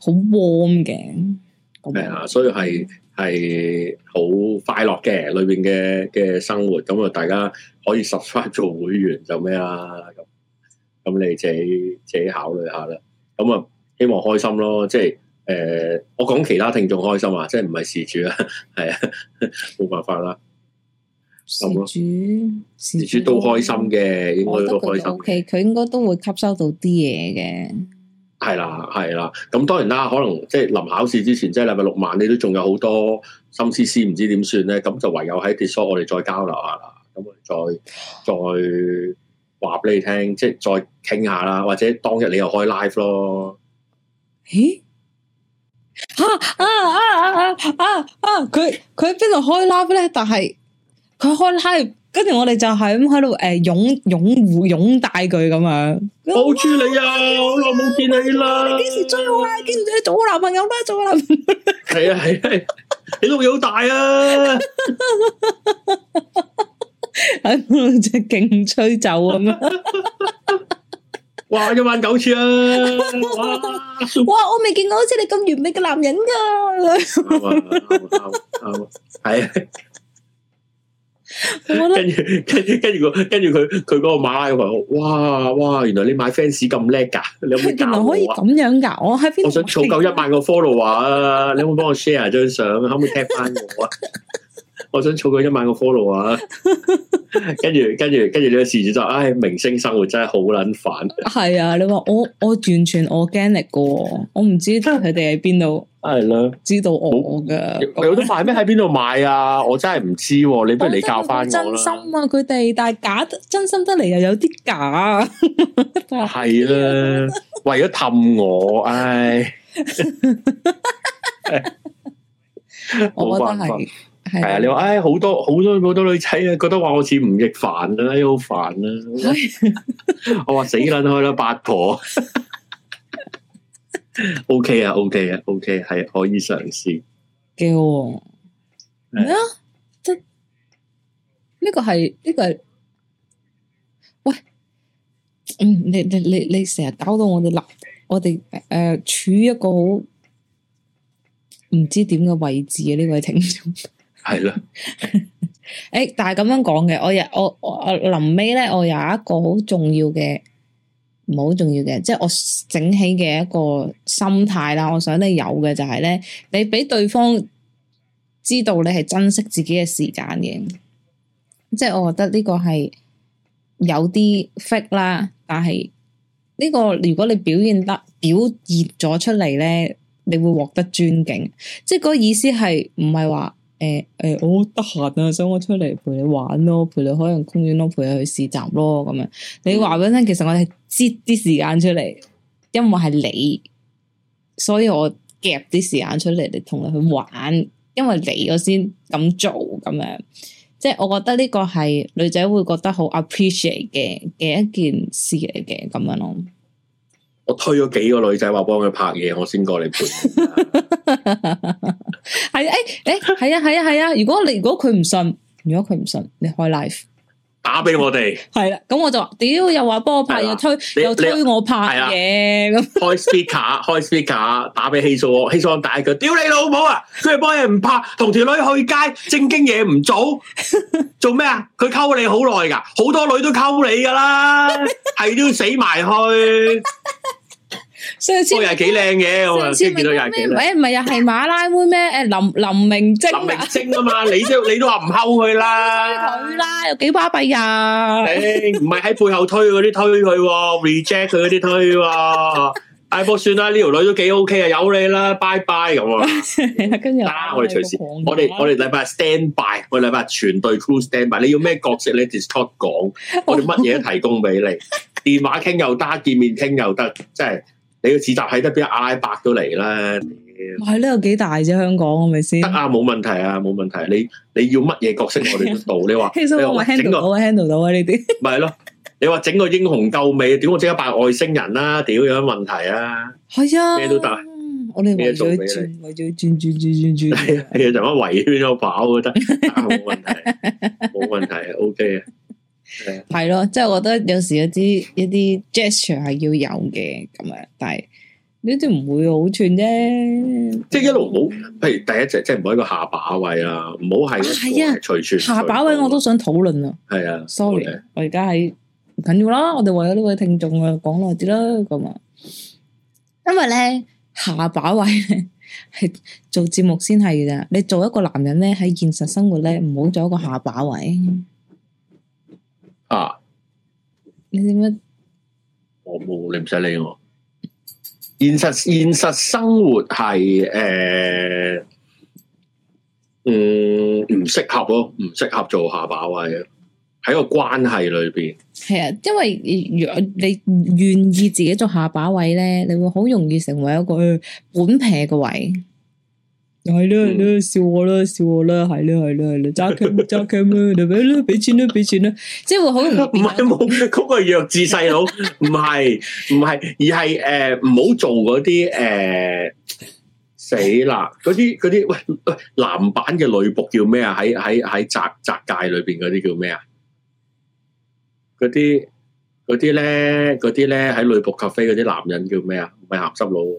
好 warm 嘅。係啊、嗯，嗯、所以係係好快樂嘅裏邊嘅嘅生活。咁啊，大家可以 sub 返做會員就咩啦咁，咁你自己自己考慮下啦。咁啊，希望開心咯。即係誒、呃，我講其他聽眾開心啊，即係唔係事主呀。係啊，冇、 <laughs> 啊、辦法啦。事主，都開心嘅，應該都開心。O K，佢應該都會吸收到啲嘢嘅。係啦，係啦。咁當然啦，可能即係臨考試之前，即係禮拜六晚，你都仲有好多心思思，唔知點算咧。咁就唯有喺 Discord 我哋再交流下啦。咁我哋再再話俾你聽，即係再傾下啦。或者當日你又開 live 咯？咦？啊啊啊啊啊啊！佢佢喺邊度開 live 咧？但係。佢開拉，跟住我哋就係咁喺度，誒擁擁護擁戴佢咁樣。抱住你啊！我好耐冇見你啦！幾時追我啊？見唔見做我男朋友啦？做我男朋友？係啊係啊，你碌嘢好大啊！係真係勁吹走咁啊！哇！一晚九次啊！哇！我未見過好似你咁完美嘅男人噶。係。跟住跟住跟住佢跟住佢佢嗰個馬拉嘅朋友，哇哇，原來你買 fans 咁叻噶，你可唔可以咁樣噶？我喺 <laughs> 我想儲夠 <laughs> 一萬個 follower 啊！你 <laughs> 可唔可幫我 share 張相？可唔可 tag 翻我啊？我想儲佢一萬個 follow 啊，跟住跟住跟住呢個事主就，唉、哎，明星生活真係好撚煩。係啊 <laughs> <noise> 你話我我完全我 organic 個，我唔知得佢哋喺邊度。係啦，知道我噶。有得買咩？喺邊度買啊？我真係唔知、啊，你不如你教翻真，真心啊，佢哋，但係假，真心得嚟又有啲假。係 <laughs> 啦、 <laughs> <noise> 嗯嗯，為咗氹我，唉，冇 <laughs> <laughs> <laughs> 辦法。係、哎哎、啊，你話，唉，好多好多好多女仔啊，覺得話我似吳亦凡啊，好煩啊！我話死捻開啦，八婆。 <laughs> OK 啊，OK 啊，OK，係可以嘗試。叫咩啊？呢的、這個係呢、這個係？喂，嗯，你你你你成日搞到我哋立，我哋誒、呃、處於一個好唔知點嘅位置啊，呢、這個、位聽眾。 <laughs> 係啦，誒， <laughs> 但係咁樣講嘅，我又我我臨尾咧，我有一個好重要嘅，唔好重要嘅，即係我整起嘅一個心態啦。我想咧有嘅就係咧，你俾對方知道你係珍惜自己嘅時間嘅，即係我覺得呢個係有啲 fake 啦。但係呢個如果你表現得表現咗出嚟，咧，你會獲得尊敬。即係個意思係唔係話。誒誒、欸欸，我得閒啊，想我出嚟陪你玩咯，陪你海洋公園咯，陪你去車站咯，咁樣。你話俾我聽，其實我係擠啲時間出嚟，因為係你，所以我夾啲時間出嚟，嚟同你去玩，因為你我先咁做咁樣，即係我覺得呢個係女仔會覺得好 appreciate 嘅嘅一件事嚟嘅，咁樣咯。我推咗幾個女仔話幫佢拍嘢，我先過嚟陪。係啊，誒、欸，誒，係啊，係啊，係啊，啊 <laughs> 如，如果你如果佢唔信，如果佢唔信，你開 live 打俾我哋係啦，咁我就話屌又話幫我拍的又推，你又推我拍嘢咁。的樣開 speaker，開 speaker，打俾希松，希松 <laughs> 打一句，屌你老母啊！佢係幫嘢唔拍，同條女去街正經嘢唔做，做咩啊？佢溝你好耐㗎，好多女都溝你㗎啦，係 <laughs> 都要死埋去。上次又係幾靚嘅，我頭先見到。誒，唔係啊，係馬拉妹咩？誒，林林明禎，林明禎啊嘛，你都你都話唔睺佢啦，佢啦，又幾巴閉啊？誒，唔係喺背後推佢嗰啲，推佢 reject 佢嗰啲推喎。哎，冇算啦，呢條女都幾 ok 啊，有你啦，bye bye 咁啊。跟住，拉我哋隨時，我哋我哋禮拜 stand by，我哋禮拜全隊 crew stand by。你要咩角色咧？discuss 講，我哋乜嘢都提供俾你，電話傾又得，見面傾又得，真係。你個指責喺得邊？阿拉伯都嚟啦！哇，呢度幾大啫，香港係咪先？得啊，冇問題啊，冇問題，啊。你你要乜嘢角色我哋都做。 <laughs> 你話其實我 handle 到，handle 到呢啲。咪係咯，你話整，整個英雄救美，點我即刻扮外星人啦、啊？屌有乜問題啊？係 <laughs> 啊，咩都得，我哋為咗轉，為咗轉轉轉轉轉。係啊， <laughs> 其實就咁圍圈咗跑都得，冇問題，冇問題，OK。係咯，即係我覺得有時有啲一啲 gesture 係要有嘅咁樣，但係呢啲唔會好串啫。即係一路唔好，譬如第一隻即係唔好喺個下巴位啊，唔好係隨串。下巴位我都想討論啊。係啊，sorry，我而家喺唔緊要啦。我哋為咗呢位聽眾啊，講耐啲啦。咁啊，因為咧下巴位咧係做節目先係噶。你做一個男人咧喺現實生活咧，唔好做一個下巴位。啊！你點乜？我冇，你唔使理我。現實現實生活係誒、呃，嗯，唔適合咯，唔適合做下把位咯。喺個關係裏邊，係啊，因為如果你願意自己做下把位咧，你會好容易成為一個本撇嘅位。係啦，啦笑我啦，笑我啦，係啦，係啦，係啦，揸 cam，揸 cam，嚟俾啦，俾錢啦，俾錢啦，即係會好唔，唔係冇，嗰個弱智細佬，唔係唔係，而係誒唔好做嗰啲誒死啦，嗰啲嗰啲喂喂男版嘅女僕叫咩啊？喺喺喺宅宅界裏邊嗰啲叫咩啊？嗰啲嗰啲咧，嗰啲咧喺女僕咖啡嗰啲男人叫咩啊？唔係鹹濕佬。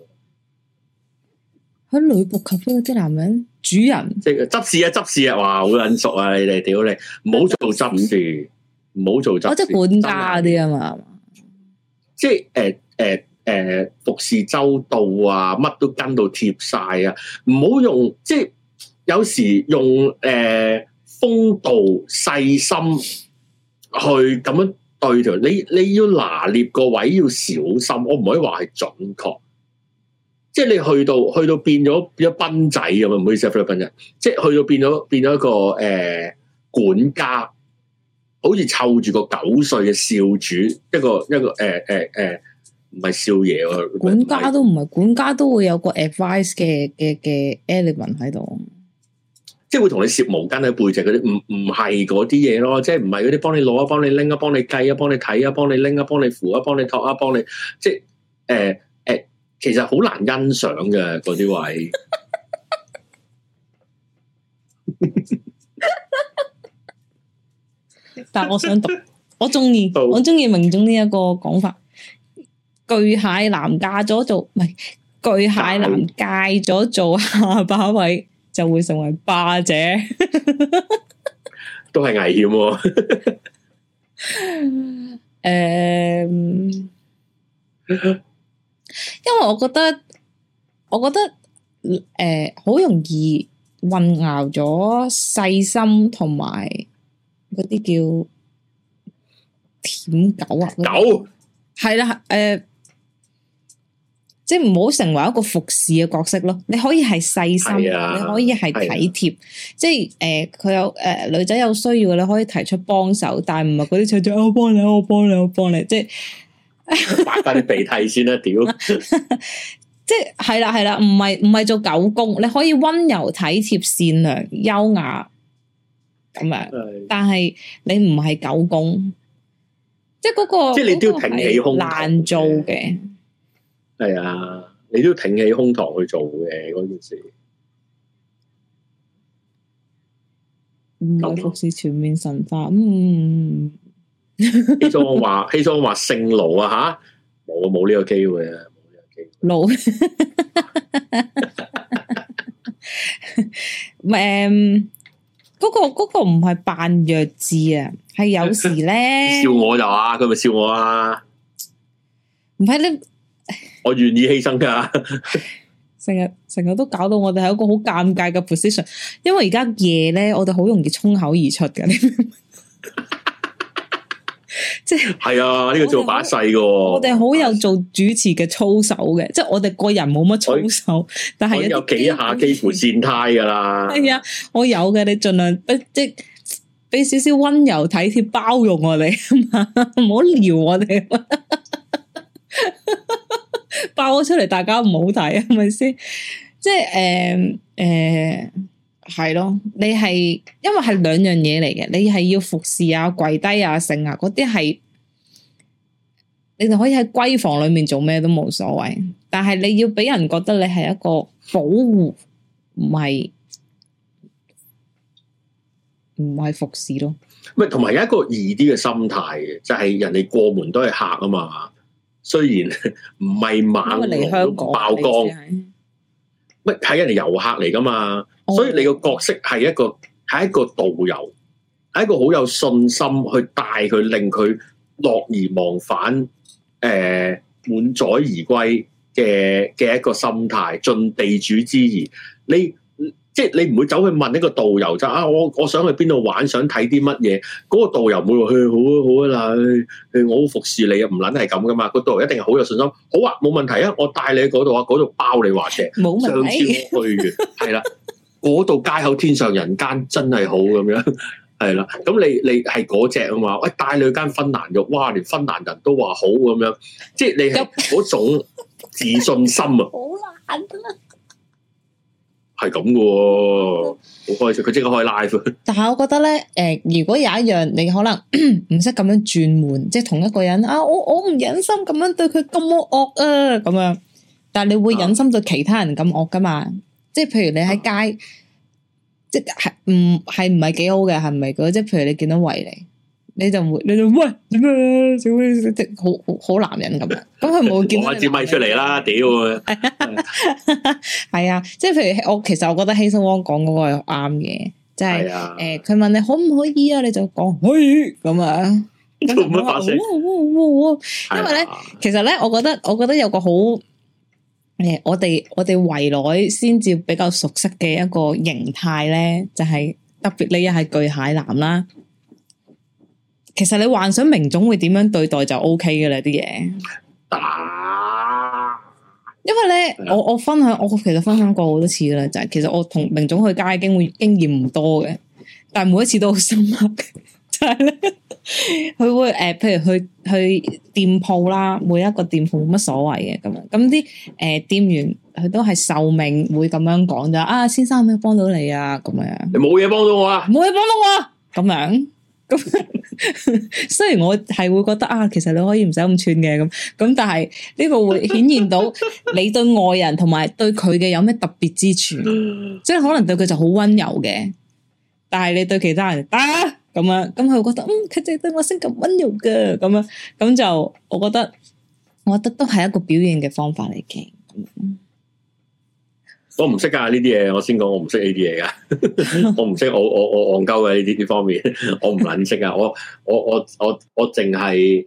喺女僕咖啡嗰啲男人主人，即係執事啊執事啊，哇好撚熟啊你哋，屌你，唔好做執事，唔好事做執、啊，即管家嗰啲啊嘛，即係誒誒誒服侍周到啊，乜都跟到貼晒啊，唔好用即係有時用誒、呃、風度細心去咁樣對條，你你要拿捏個位要小心，我唔可以話係準確。即係你去到去到變咗變咗賓仔咁啊？唔好意思，菲律賓仔，即係去到變咗變咗一個誒管家，好似湊住個九歲嘅少主，一個一個誒誒誒，唔係少爺喎。管家都唔係，管家都會有個 advice 嘅嘅嘅 element 喺度，即係會同你折毛巾喺背脊嗰啲，唔唔係嗰啲嘢咯，即係唔係嗰啲幫你攞啊，幫你拎啊，幫你計啊，幫你睇啊，幫你拎啊，幫你扶啊，幫你托啊，幫你即係誒。其實好難欣賞嘅嗰啲位， <laughs> <laughs> 但係我想讀，我，好我中意，我中意明總呢一個講法。巨蟹男嫁咗做，唔係巨蟹男戒咗做下巴位，就會成為霸者， <laughs> 都係危險。嗯。 <laughs> Um, <laughs> 因為我覺得，我覺得誒，好、呃、容易混淆咗細心同埋嗰啲叫舔狗啊，狗係啦，誒、呃，即係唔好成為一個服侍嘅角色咯。你可以係細心，啊、哎呀，你可以係體貼，哎、呀即係誒，佢、呃、有誒、呃、女仔有需要你可以提出幫手，但係唔係嗰啲處處我幫你，我幫你，我幫你，即係。抹翻啲鼻涕先啦，屌 <laughs> <laughs> <laughs> ！即係啦，係啦，唔係唔係做狗公，你可以溫柔體貼、善良優雅咁樣，但係你唔係狗公，即係嗰、嗰個，即係你都要挺起胸，難做嘅。係啊，你都要挺起胸膛去做嘅嗰件事。唔係服侍全面神化。嗯起初 <laughs> 我話，起初我話姓奴啊吓，冇冇呢個機會啊，冇呢個機會，奴誒，嗰個嗰、嗰個唔係扮弱智啊，係有時咧笑我就話，佢咪笑我啊，唔係、啊、你，我願意犧牲噶 <laughs> ，成日成日都搞到我哋係一個好尷尬嘅 position，因為而家夜咧，我哋好容易衝口而出嘅。 <laughs> 即係係啊，呢、這個做把勢噶。我哋好有做主持嘅操守嘅，啊、即係我哋個人冇乜操守，我但係有幾下基乎善態噶啦。係啊，我有嘅，你盡量即俾少少溫柔、體貼、包容我哋，嘛，唔好撩我哋，爆咗出嚟大家唔好睇，係咪先？即係誒誒。呃呃係咯，你係因為係兩樣嘢嚟嘅，你係要服侍啊、跪低啊、剩啊嗰啲係，你就可以喺閨房裏面做咩都冇所謂。但係你要俾人覺得你係一個保護，唔係唔係服侍咯、啊。唔係同埋有一個易啲嘅心態嘅，就係、是、人哋過門都係客啊嘛。雖然唔係猛嚟香港爆光。乜睇人哋遊客嚟㗎嘛？所以你個角色係一個係一個導遊，係一個好有信心去帶佢，令佢樂而忘返，誒、呃、滿載而歸嘅嘅一個心態，盡地主之誼。你。即係你唔會走去問一個導遊就啊，我我想去邊度玩，想睇啲乜嘢？嗰、那個導遊會話去好啊好啊，嗱，我好服侍你啊，唔捻係咁噶嘛。嗰、那個、導遊一定係好有信心。好啊，冇問題啊，我帶你去嗰度啊，嗰度包你話謝，問題，上次去嘅係啦，嗰度 <laughs> 街口天上人間真係好咁樣，係啦。咁你你係嗰隻啊嘛？喂，帶你去間芬蘭浴，哇，連芬蘭人都話好咁樣，即係你係嗰種自信心啊！好難啊！嗯嗯嗯嗯嗯係咁嘅，好開心，佢即刻開 live 但係我覺得咧，誒、呃，如果有一樣你可能唔識咁樣轉換，即係同一個人啊，我我唔忍心咁樣對佢咁惡啊，咁樣，但係你會忍心對其他人咁惡噶嘛？即係譬如你喺街，啊、即係唔係唔係幾好嘅，係咪？嗰即係譬如你見到維尼。你就唔會，你就喂點啊？點啊？即係好好男人咁樣。咁佢冇見我開支咪出嚟啦！屌，係啊，即係譬如我其實我覺得希森旺講嗰個係啱嘅，即係誒，佢、哎呀 欸、問你可唔可以啊？你就講可以咁啊。咁唔好大聲。因為咧，其實咧，我覺得我覺得有個好誒、呃，我哋我哋圍內先至比較熟悉嘅一個形態咧，就係、是、特別呢一係巨蟹男啦。其實你幻想明總會點樣對待就 OK 嘅啦啲嘢，打，因為咧我我分享我其實分享過好多次啦，就係其實我同明總去街經會經驗唔多嘅，但係每一次都好深刻，就係咧佢會誒譬如去去店鋪啦，每一個店鋪冇乜所謂嘅咁樣，咁啲誒店員佢都係受命會咁樣講就啊，先生可唔可以幫到你啊咁樣？你冇嘢幫到我啊？冇嘢幫到我咁樣？咁 <laughs> 雖然我係會覺得啊，其實你可以唔使咁串嘅咁咁，但係呢個會顯現到你對外人同埋對佢嘅有咩特別之處， <laughs> 即係可能對佢就好溫柔嘅，但係你對其他人啊咁樣，咁佢會覺得嗯佢淨係對我先咁溫柔嘅，咁樣咁就我覺得我覺得都係一個表現嘅方法嚟嘅。我唔識呀，呢啲嘢，我先講 <laughs> 我唔識呢啲嘢噶我唔識，我我我戇鳩嘅呢啲呢方面，我唔捻識噶，我我我我我淨係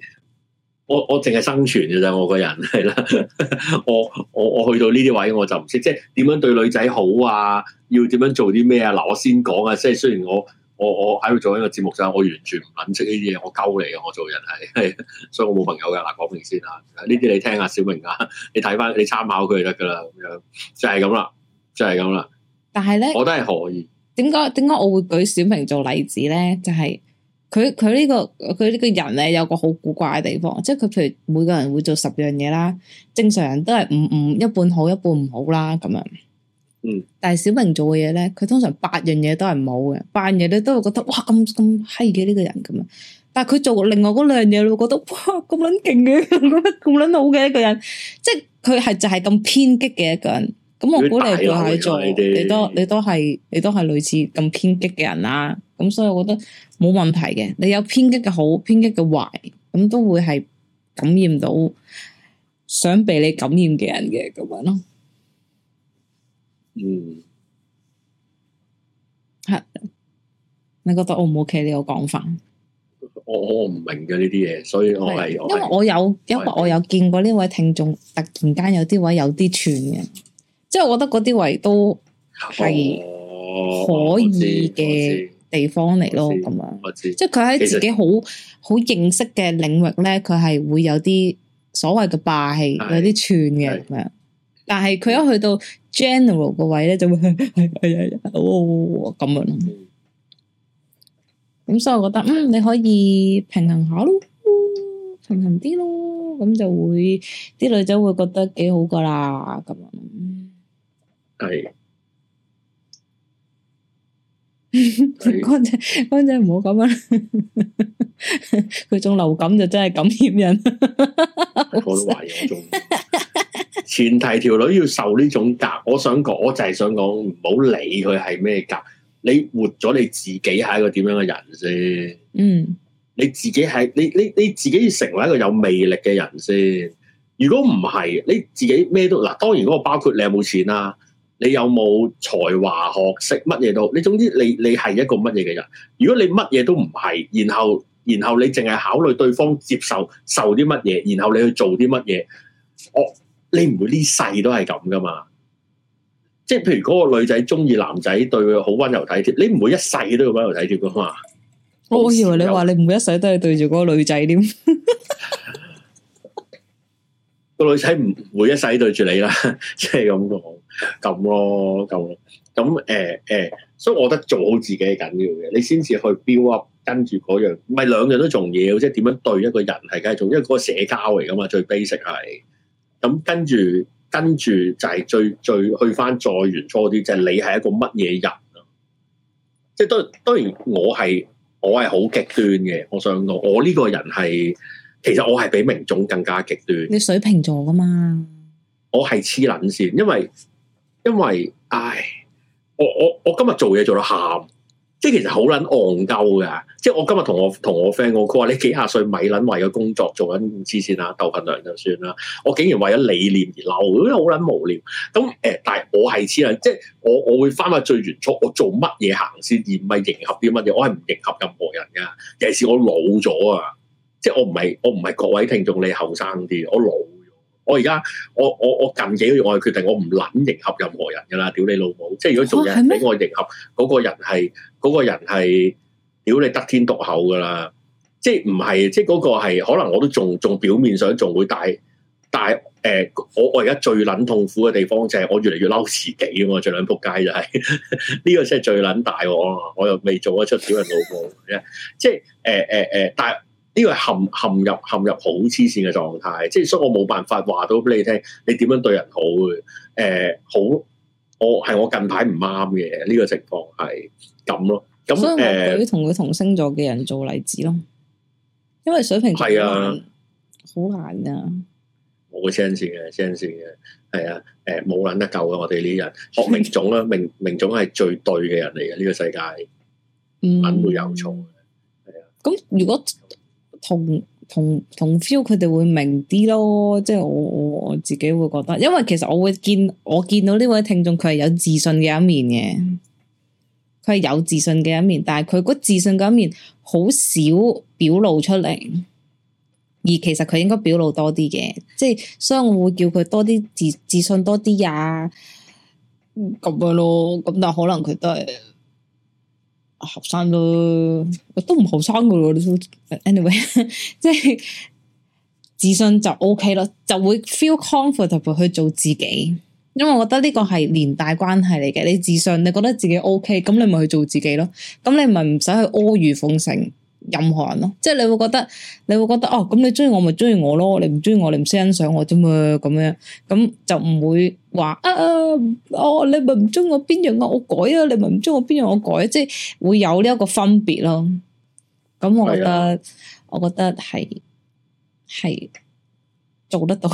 我我淨係生存嘅咋，我個人係啦， <laughs> 我我我去到呢啲位我就唔識，即係點樣對女仔好啊，要點樣做啲咩啊？嗱，我先講啊，即係雖然我我我喺度做緊個節目，就我完全唔捻識呢啲嘢，我鳩你嘅，我做人係，所以我冇朋友嘅。嗱，講明先啊，呢啲你聽下小明啊，你睇翻，你參考佢就得噶啦，咁、就是、樣就係咁啦。就係咁啦，但係咧，我都係可以。點解點解我會舉小明做例子咧？就係佢佢呢個佢呢個人咧，有個好古怪嘅地方，即係佢譬如每個人會做十樣嘢啦，正常人都係五五一半好一半唔好啦咁樣。嗯，但係小明做嘅嘢咧，佢通常八樣嘢都係唔好嘅，八樣嘢咧都會覺得哇咁咁嗨嘅呢個人咁樣。但係佢做另外嗰兩樣嘢你咧，會覺得哇咁撚勁嘅，覺得咁撚好嘅一個人，即係佢係就係、是、咁偏激嘅一個人。咁我估你係喺做，你都你都係你都係類似咁偏激嘅人啦、啊。咁所以我覺得冇問題嘅。你有偏激嘅好，偏激嘅壞，咁都會係感染到想被你感染嘅人嘅咁樣咯、啊。嗯，係， <laughs> 你覺得 O 唔 OK 呢個講法？我我唔明嘅呢啲嘢，所以我係因為我有我是因為我有,我是我有見過呢位聽眾突然間有啲位有啲串嘅。即係我覺得嗰啲位都係可以嘅地方嚟咯，咁樣、哦。即係佢喺自己好好實認識嘅領域咧，佢係會有啲所謂嘅霸氣，是有啲串嘅咁樣。但係佢一去到 general 嘅位咧，就會係係係哦咁樣。咁、嗯、所以我覺得嗯，你可以平衡下咯，平衡啲咯，咁就會啲女仔會覺得幾好噶啦，咁樣。係，干 <laughs> 仔，干仔唔好咁樣，佢 <laughs> 中流感就真係感染人。 <laughs> <laughs> 我都懷疑我中，前提條女要受呢種夾。我想講，我就係想講，唔好理佢係咩夾。你活咗你自己係一個點樣嘅人先？嗯，你你，你自己係你你你自己要成為一個有魅力嘅人先。如果唔係，你自己咩都嗱，當然嗰個包括你有冇錢啦、啊。你有冇才華學識乜嘢都，你總之你你係一個乜嘢嘅人。如果你乜嘢都唔係，然後然後你淨係考慮對方接受受啲乜嘢，然後你去做啲乜嘢。我你唔會呢世都係咁噶嘛？即係譬如嗰個女仔中意男仔，對佢好溫柔體貼，你唔會一世都要溫柔體貼噶嘛？我以為你話你唔會一世都係對住嗰個女仔添。 <laughs> 個女仔唔會一世對住你啦，即係咁講咁咯，咁咁誒誒，所以我覺得做好自己係緊要嘅，你先至去 build up 跟住嗰樣，唔係兩樣都重要，即係點樣對一個人係梗係重要，因為嗰個社交嚟噶嘛，最 basic 係。咁、嗯、跟住跟住就係最最，最，最去翻再原初啲，就係、是、你係一個乜嘢人啊？即係當然當然我係我係好極端嘅，我想講我呢個人係。其實我係比明總更加極端。你水瓶座噶嘛？我係黐捻線，因為因為唉，我我我今日做嘢做到喊，即係其實好捻戇鳩噶。即係我今日同我同我 friend 講，佢話你幾廿歲咪捻為咗工作做緊黐線啦，斗份糧就算啦，啊。我竟然為咗理念而鬧，覺得好捻無聊。咁誒、欸，但係我係黐捻，即係我我會翻去最原初，我做乜嘢行先，而唔係迎合啲乜嘢。我係唔迎合任何人噶，尤其是我老咗啊。即係我唔係我唔係各位聽眾你後生啲，我老，我而家我我我近幾個月我係決定我唔捻迎合任何人噶啦，屌你老母！即係如果做嘢俾我迎合嗰、哦、個人係嗰、嗰個人係，屌你得天獨厚噶啦！即係唔係即係嗰個係可能我都仲仲表面上仲會，但但係誒，我我而家最捻痛苦嘅地方就係我越嚟越嬲自己，我最捻仆街就係、是、呢 <laughs> 個真係最捻大我，我又未做得出屌人老母即係誒誒誒，但係。呃但呢個係陷陷入陷入好黐線嘅狀態，即係所以我冇辦法話到俾你聽，你點樣對人好誒、呃，好，我係我近排唔啱嘅呢個情況係咁咯。咁誒，同佢同星座嘅人做例子咯，因為水瓶係啊，好難啊，我會 change 嘅，change 嘅，係啊，誒，冇諗得救啊！我哋呢啲人學明種啦，明命 <laughs> 種係最對嘅人嚟嘅呢個世界，肯會、嗯、有錯係啊。咁如果同同同 feel，佢哋會明啲咯，即係我我我自己會覺得，因為其實我會見我見到呢位聽眾，佢係有自信嘅一面嘅，佢係有自信嘅一面，但係佢個自信嘅一面好少表露出嚟，而其實佢應該表露多啲嘅，即係所以我會叫佢多啲自自信多啲啊，咁樣咯，咁但係可能佢都係。後生咯，都唔後生噶咯。Anyway，即係自信就 OK 咯，就會 feel comfortable 去做自己。因為我覺得呢個係連帶關係嚟嘅，你自信，你覺得自己 OK，咁你咪去做自己咯。咁你咪唔使去阿諛奉承。任何人咯，即係你會覺得你會覺得哦，咁你中意我咪中意我咯，你唔中意我，你唔識欣賞我啫嘛，咁樣咁就唔會話啊，哦，你咪唔中意我邊樣啊我改啊，你咪唔中意我邊樣我改，即係會有呢一個分別咯。咁我覺得，我覺得係係做得到。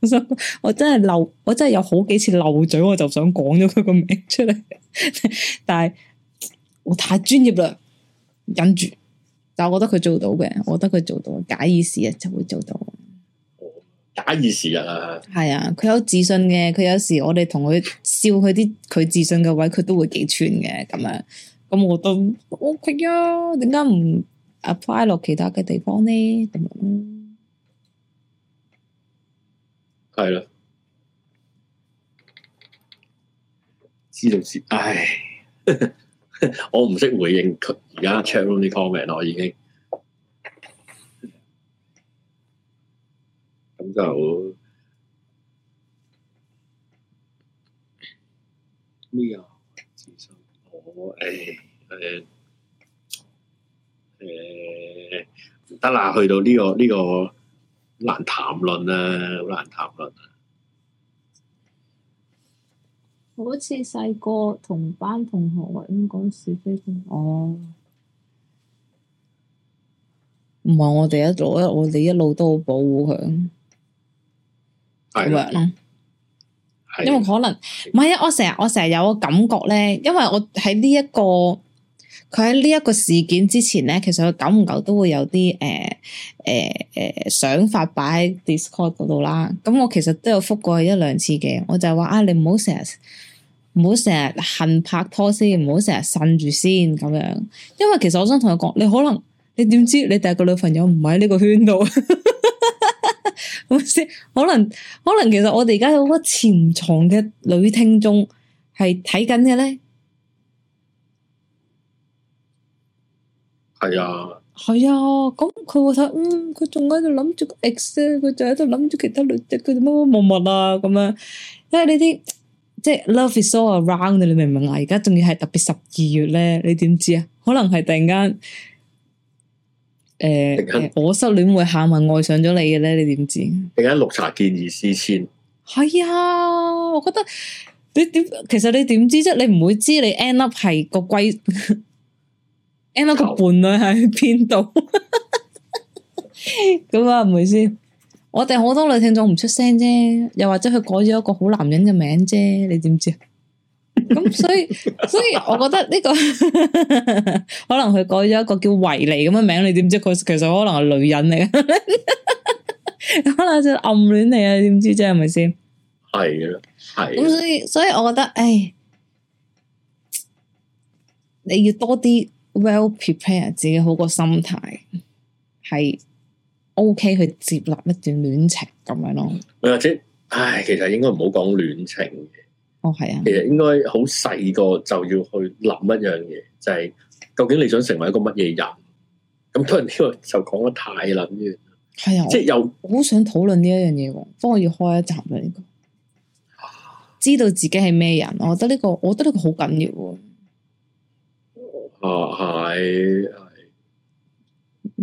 我我真係漏，我真係有好幾次漏嘴，我就想講咗佢個名出嚟，但係我太專業啦，忍住。但我覺得佢做到嘅，我覺得佢做到，假以時日啊就會做到，假以時日啊，係啊，佢有自信嘅，佢有時我哋同佢笑佢啲佢自信嘅位，佢都會幾串嘅咁樣，咁我都 OK 啊，點解唔 apply 落其他嘅地方呢？咁樣係啦，知道知，唉。 <laughs> <laughs> 我唔識回應佢而家 challenge 啲 comment，我已經咁 <laughs> 就咩啊？自信我誒誒誒，唔、哎、得、哎、啦！去到呢、個呢、個難談論啦，好難談論、啊。好似細個同班同學話應該是非哦，唔係我哋一路，我哋一路都好保護佢，咁樣因為可能唔係啊，我成日我成日有個感覺咧，因為我喺呢一個佢喺呢一個事件之前咧，其實佢久唔久都會有啲誒誒誒想法擺喺 Discord 嗰度啦。咁我其實都有覆過去一兩次嘅，我就係話啊，你唔好成日。唔好成日恨拍拖先，唔好成日呻住先咁樣。因為其實我想同你講，你可能你點知你第二個女朋友唔喺呢個圈度，係咪先？可能可能其實我哋而家有好多潛藏嘅女聽眾係睇緊嘅咧。係啊，係啊，咁佢會睇，嗯，佢仲喺度諗住個 X，佢就喺度諗住其他女，即佢哋乜乜物物啊咁樣，因為呢啲。即係 Love is all around，你明唔明啊？而家仲要係特別十二月咧，你點知啊？可能係突然間，誒，我失戀會喊完愛上咗你嘅咧，你點知？突然間綠茶見異思遷？係啊，我覺得你點？其實你點知啫？你唔會知你 end up 係個龜 end up 個伴侶喺邊度？咁啊，唔會先。我哋好多女聽眾唔出聲啫，又或者佢改咗一個好男人嘅名啫，你知唔知？咁 <laughs> 所以，所以我覺得呢個 <laughs> 可能佢改咗一個叫維尼咁嘅名，你點知佢其實可能係女人嚟嘅，可能就暗戀你啊？你點知啫？係咪先？係啦，係。咁所以，所以我覺得，唉，你要多啲 well prepare 自己好個心態，係。O、okay, K，去接納一段戀情咁樣咯，或者，唉，其實應該唔好講戀情嘅。哦，係啊，其實應該好細個就要去諗一樣嘢，就係、是、究竟你想成為一個乜嘢人。咁突然呢個就講得太捻遠嘅。係啊、哎呦，即係又好想討論呢一樣嘢。不過我要開一集啦，呢、這個知道自己係咩人，我覺得呢、這個，我覺得呢個好緊要。哦、啊，係。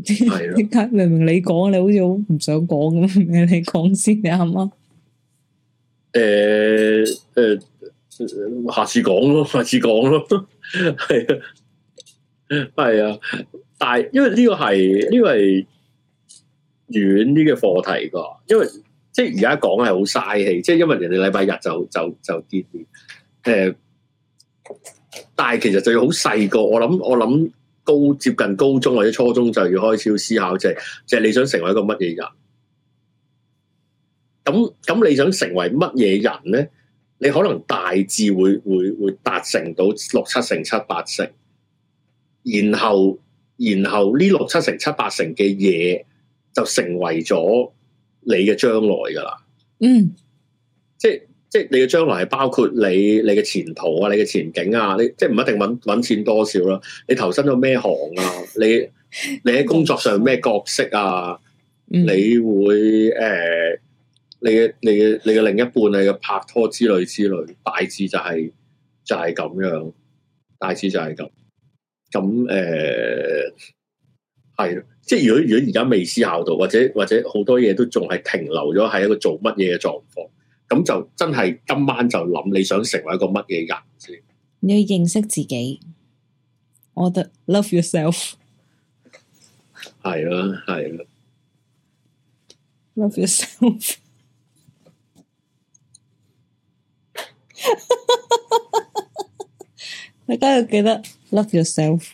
係咯， <laughs> 明明你講，你好似好唔想講咁，你講先，你啱嘛。誒、呃、誒，下次講咯，下次講咯，係 <laughs> 啊，係啊。但係因為呢個係因為遠啲嘅課題噶，因為即係而家講係好嘥氣，即係因為人哋禮拜日就就就結業。誒、啊，但係其實就要好細個，我諗我諗。高接近高中或者初中就要開始思考，即係即係你想成為一個乜嘢人。咁咁你想成為乜嘢人咧？你可能大致會會會達成到六七成七八成，然後然後呢六七成七八成嘅嘢就成為咗你嘅將來㗎喇。嗯，即係。即係你嘅將來係包括你你嘅前途啊，你嘅前景啊，你即係唔一定揾揾錢多少啦，你投身咗咩行啊，你你喺工作上咩角色啊，你會誒、呃，你嘅你嘅你嘅另一半啊，你嘅拍拖之類之類，大致就係、是、就係、是、咁樣，大致就係咁，咁誒係，即係如果如果而家未思考到，或者或者好多嘢都仲係停留咗喺一個做乜嘢嘅狀況。咁就真係今晚就諗，你想成為一個乜嘢人先？你要認識自己，我覺得 love yourself 係啦，係啦，love yourself，大家要記得 love yourself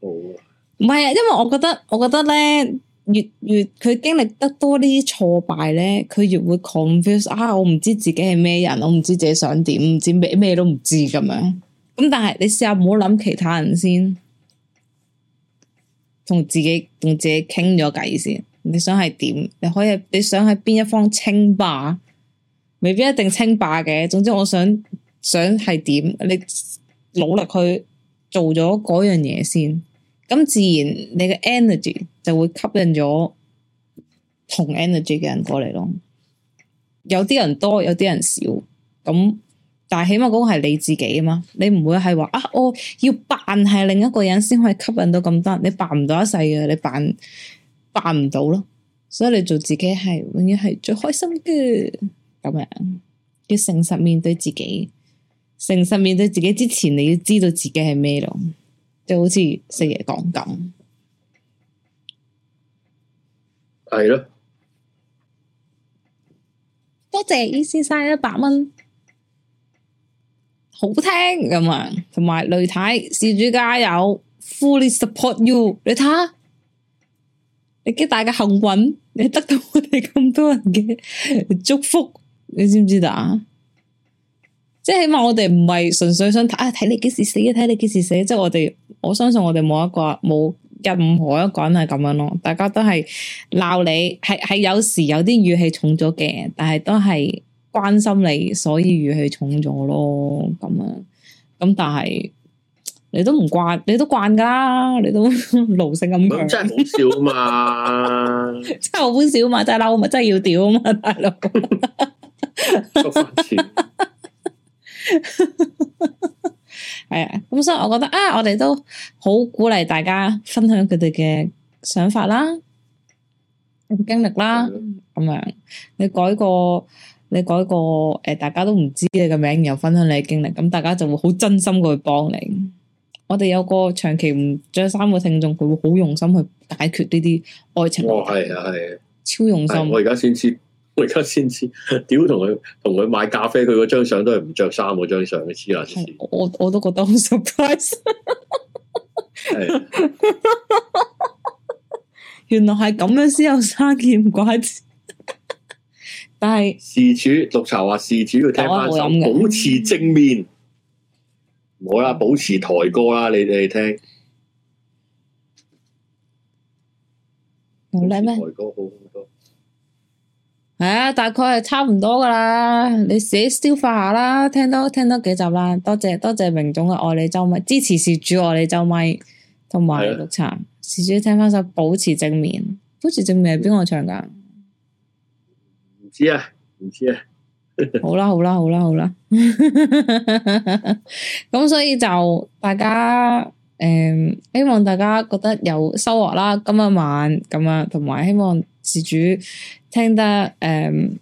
好，唔係啊，因為我覺得，我覺得咧。越越佢經歷得多呢啲挫敗咧，佢越會 confuse 啊！我唔知自己係咩人，我唔知自己想點，唔知咩咩都唔知咁樣。咁、嗯、但係你試下唔好諗其他人先，同自己同自己傾咗偈先。你想係點？你可以你想喺邊一方稱霸，未必一定稱霸嘅。總之我想想係點，你努力去做咗嗰樣嘢先，咁自然你嘅 energy。就會吸引咗同 energy 嘅人過嚟咯，有啲人多，有啲人少，咁但係起碼嗰個係你自己啊嘛，你唔會係話啊，我要扮係另一個人先可以吸引到咁多人。你扮唔到一世嘅，你扮扮唔到咯，所以你做自己係永遠係最開心嘅。咁樣要誠實面對自己，誠實面對自己之前你要知道自己係咩咯，就好似四爺講咁。係咯，多謝 E 先生一百蚊，好聽咁啊，同埋雷太，事主加油，Fully support you，你睇下，你幾大嘅幸運，你得到我哋咁多人嘅祝福，你知唔知道啊，啊，啊？即係起碼我哋唔係純粹想睇，睇你幾時死，睇你幾時死，即係我哋，我相信我哋冇一個冇。任何一個人係咁樣咯，大家都係鬧你，係係有時有啲語氣重咗嘅，但係都係關心你，所以語氣重咗咯，咁啊，咁但係你都唔慣，你都慣噶，你都怒聲咁講，真係好笑啊嘛，真係好笑嘛，真係嬲，真係要屌啊嘛，大佬。係啊，咁所以我覺得啊，我哋都好鼓勵大家分享佢哋嘅想法啦、經歷啦，咁樣你改個你改個誒、呃，大家都唔知你嘅名，然後分享你嘅經歷，咁大家就會好真心嘅去幫你。我哋有個長期唔着衫嘅聽眾，佢會好用心去解決呢啲愛情。哦，係啊，係啊，超用心。我而家先知。而家先知，屌同佢同佢買咖啡，佢嗰張相都係唔着衫嗰張相。你知線，我我都覺得好 surprise。原來係咁樣先有生意，唔怪之，但係事主綠茶話事主要聽翻音，保持正面。好啦， <laughs> 保持台歌啦，你哋聽。好靚咩？台歌好。係啊，大概係差唔多噶啦，你自己消化下啦，聽多聽多幾集啦，多謝多謝明總嘅愛你周咪，支持事主愛你周咪，同埋綠茶，事是的 主聽翻首保持正面，保持正面係邊個唱噶？唔知啊，唔知啊， <laughs> 好啦好啦好啦好啦，咁 <laughs> <laughs> 所以就大家誒、嗯，希望大家覺得有收穫啦，今日晚咁啊，同埋希望。事主聽得誒、嗯、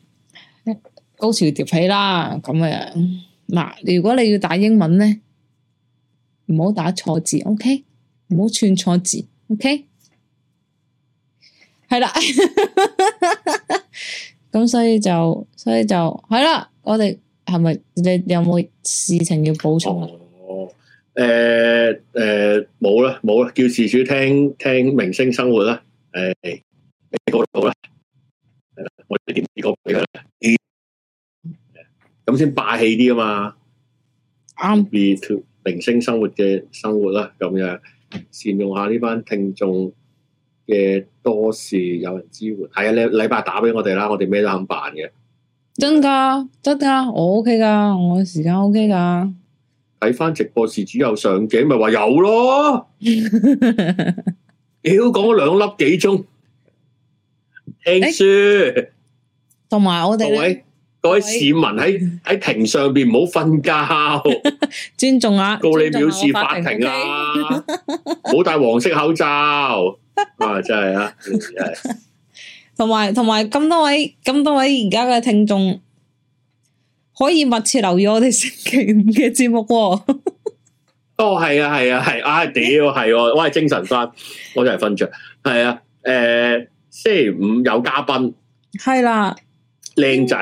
高潮迭起啦咁嘅樣。嗱，如果你要打英文咧，唔好打錯字，OK，唔好串錯字，OK。係啦，咁 <laughs> 所以就，所以就係啦。我哋係咪你有冇事情要補充？誒誒，冇啦，哦，冇、呃、啦、呃，叫事主聽聽明星生活啦，誒、哎。俾個啦，係啦，我點呢個俾佢啦，咁先霸氣啲啊嘛，啱是。Be to 明星生活嘅生活啦，咁樣善用下呢班聽眾嘅多時有人支援，係啊，你禮拜打俾我哋啦，我哋咩都肯辦嘅，真噶，真噶，我 OK 噶，我時間 OK 噶。睇翻直播時只有上鏡，咪話有咯，你都講咗兩粒幾鐘。書，同埋 Hey, 我哋各位各位市民喺喺庭上邊唔好瞓覺， <laughs> 尊重啊，告你藐視法庭啊！唔好 <laughs> 戴黃色口罩 <laughs> 啊！真係啊，係、嗯。同埋同埋咁多位咁多位而家嘅聽眾，可以密切留意我哋星期五嘅節目。哦，係、 <laughs> 哦、啊，係啊，係啊，屌係、啊，我係、 <laughs> 啊、精神翻，我真係瞓着。係啊，誒、欸。星期五有嘉賓，係啦，靚仔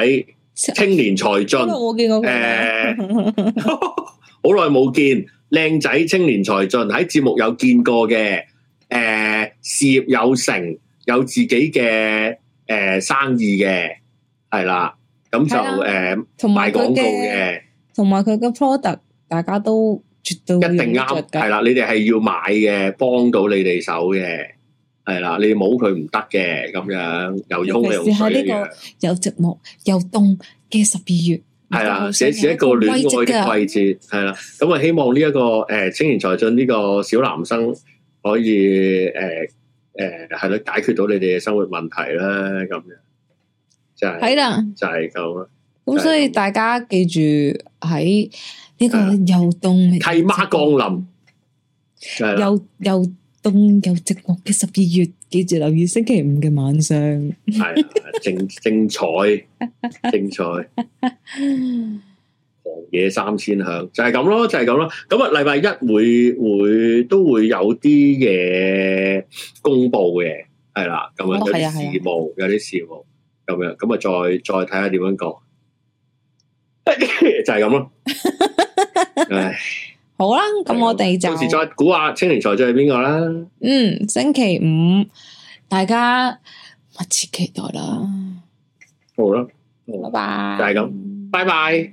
青年才俊，我見過，誒，好耐冇見，靚仔青年才俊喺節目有見過嘅，誒，事業有成，有自己嘅誒生意嘅，係啦，咁就誒賣廣告嘅，同埋佢嘅，同埋佢嘅 product，大家都絕對一定啱，係啦，你哋係要買嘅，幫到你哋手嘅。係啦，你冇佢唔得嘅，咁樣，又熱又呢嘅，又寂寞又凍嘅十二月。係啦的，寫寫一個戀愛嘅季節。係啦的，咁啊，希望呢、這、一個誒青年才俊呢個小男生可以誒誒係咯，解決到你哋嘅生活問題啦，咁樣就係。係啦，就係咁啦。咁所以大家記住喺呢個又凍，契媽、呃、降臨、就是、又又。冬又寂寞嘅十二月，記住留意星期五嘅晚上。係、 <laughs> 哎，啊，精彩，精彩。狂、嗯、野三千響，就係、是、咁咯，就係、是、咁咯。咁、嗯、啊，禮拜一會會都會有啲嘢公佈嘅，係啦。咁、哦、啊，啊有啲事務，有啲事務。咁樣，咁啊，再再睇下點樣講。 <laughs> 就係咁咯。唉、哎。好啦，咁我哋就到時再估下青年才俊係邊個啦。嗯，星期五大家密切期待啦。好啦吧拜，拜拜，就係咁，拜 <noise> 拜。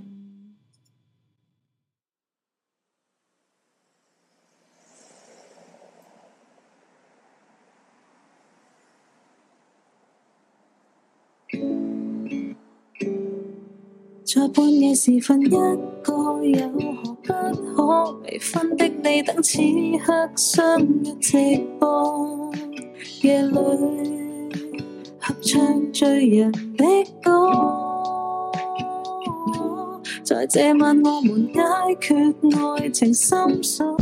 在半夜時分，一個有。不可未婚的你，等此刻相約直播，夜裏合唱醉人的歌，在這晚我們解決愛情心鎖。